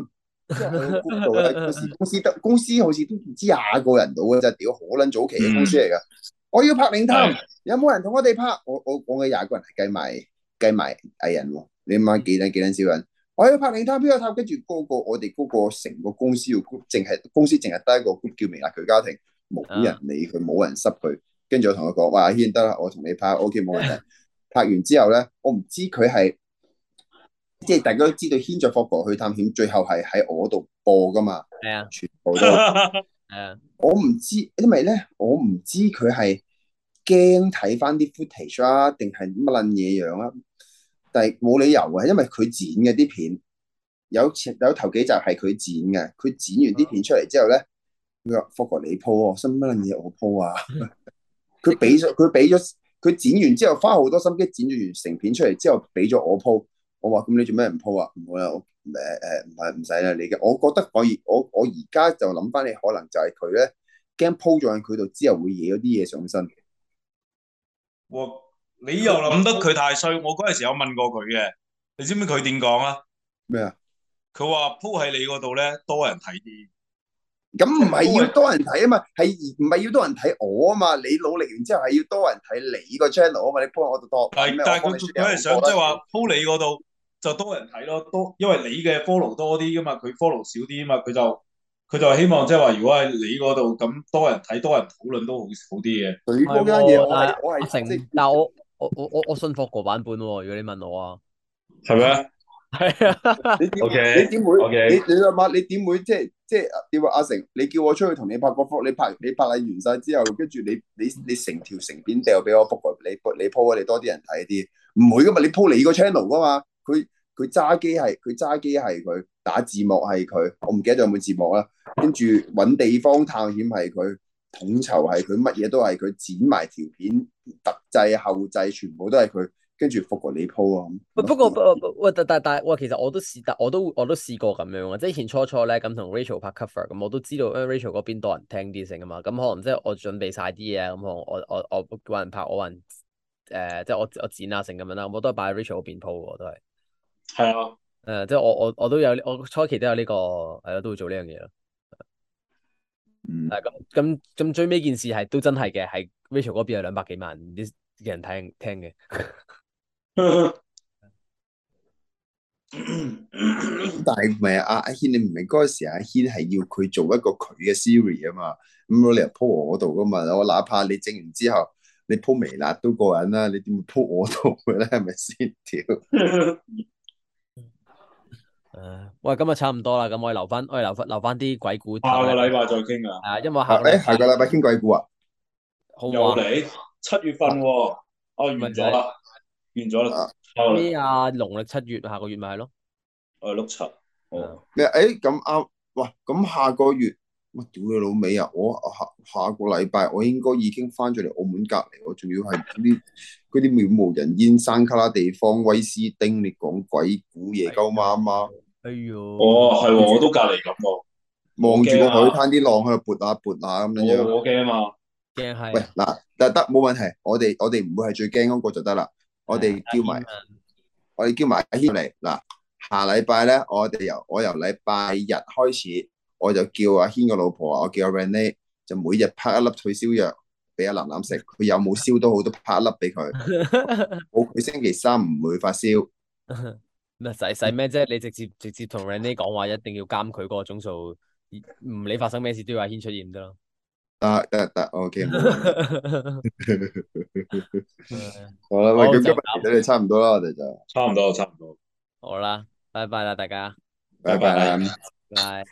公司公司好似都唔知廿個人到真係，屌好撚早期嘅公司嚟噶，我要拍零探，有冇人同我哋拍？我我講嘅廿個人係計埋計埋藝人喎，你啱啱幾多幾多少人？我要拍你一套，另探？跟住嗰個，個我哋嗰個成個，個公司要，淨係公司淨係得一個叫微辣佢家庭，冇人理佢，冇人濕佢。跟住我同佢講：，話阿軒得啦，我同你拍，O K，冇問題。OK, 拍完之後咧，我唔知佢係即係大家都知道，軒咗福布去探險，最後係喺我度播噶嘛？係啊，全部都係啊。 我唔知，因為咧，我唔知佢係驚睇翻啲 footage 啦，定係乜撚嘢樣啊？但係冇理由嘅，因為佢剪嘅啲片，有前有頭幾集係佢剪嘅，佢剪完啲片出嚟之後咧，佢話：，福哥你鋪哦，使乜嘢我鋪啊？佢俾咗佢俾咗，佢剪完之後花好多心機剪咗完成片出嚟之後，俾咗我鋪。我話：，咁你做咩唔鋪啊？唔好啦，誒誒，唔係唔使啦，你嘅。我覺得我而我我而家就諗翻，你可能就係佢咧，驚鋪咗喺佢度之後會惹咗啲嘢上身嘅。
我。你又諗得佢太衰，我嗰陣時有問過佢嘅，你知唔知佢點講啊？咩啊麼？佢話鋪喺你嗰度咧，多人睇啲。
咁唔係要多人睇啊嘛，係唔係
要多人睇我啊嘛？
你努力完之後係要多人睇你個 channel 啊嘛？你鋪喺我度多。係，但係佢佢係想即係
話鋪你嗰度就多人睇咯，多因為你嘅 follow 多啲噶嘛，佢 follow 少啲啊嘛，佢就佢就希望即係話如果係你嗰度咁多人睇，多人討論都好好啲嘅。你嗰樣嘢，
我我係成即我我我我信服個版本喎，啊，如果你
問我啊，係咪啊？係啊 Okay.，你點？你點會？你你阿媽，你點會即係即係點啊？阿成，你叫我出去同你拍個 Vlog，你拍你拍曬完晒之後，跟住你你你，你成條成片掉俾我 Vlog 你你鋪我哋多啲人睇啲，唔會㗎嘛？你鋪你個 channel 㗎嘛？佢佢揸機係佢揸機係佢打字幕係佢，我唔記得有冇字幕啦。跟住揾地方探險係佢。統籌係佢乜嘢都係佢剪埋條片，特製後製，全部都係佢，跟住覆過你鋪啊不過
不過不不，但但但，哇其實我都試，得我都我都試過咁樣啊，即係以前初初咧咁同 Rachel 拍 cover，咁我都知道 Rachel 嗰邊多人聽啲成㗎嘛，咁可能即係我準備晒啲嘢啊，咁我我我我叫人拍，我人誒、呃、即係我我剪啊成咁樣啦，我都係擺 Rachel 嗰邊鋪都係。
係啊的。誒、嗯，
即係我我我都有，我初期都有呢、這個，係啊，都會做呢樣嘢咯。嗯、啊咁咁咁最尾件事係都真係嘅，係 Rachel 嗰邊有兩百幾萬啲人聽聽
嘅。 但係唔係啊？阿軒，你唔明嗰時阿軒係要佢做一個佢嘅 Siri 啊嘛？咁冇理由鋪我度噶嘛？我哪怕你整完之後你鋪微辣都過癮啦，你點會鋪我度嘅咧？係咪先條？
誒，喂，今日差唔多啦，咁我留翻，我哋留翻留翻啲鬼故。下個禮拜再
傾啊。啊，因為下誒下個禮拜
傾鬼
故啊，好唔好
七月份喎，哦完咗啦，完咗啦。咩
啊？農曆、啊、七月，下個月咪係咯？誒、啊，六
七哦咩？誒、嗯，咁啱、哎，喂，咁下個月我屌你老味啊！我下下個禮拜我應該已經翻咗嚟澳門隔離，我仲要係啲嗰啲渺無人煙山卡拉地方威斯丁，你講鬼故嘢鳩媽媽。的
哎喲，哦係、啊，我都隔離咁
啊，望住個海灘啲浪去度撥下撥下咁樣樣，好驚、哦、啊嘛，
驚係喂。喂
嗱、啊，但得冇問題，我哋我哋唔會係最驚嗰個就得啦，我哋叫埋，我哋叫埋阿軒嚟嗱，下禮拜咧，我哋由我由禮拜日開始，我就叫阿軒個老婆啊，我叫阿 Randy 就每日拍一粒退燒藥俾阿林林食，佢有冇燒都好，都拍一粒俾佢，好佢 星期三唔會發燒。
唔使使咩啫，你直接直接同 Randy 講話，一定要監佢個總數，唔理發生咩事，都要阿軒出現啫咯。
得得
得我 k 好啦，咁今日睇嚟
差唔多啦，我哋就差唔多，差唔多。
好啦，拜拜啦，大家。拜拜，
拜。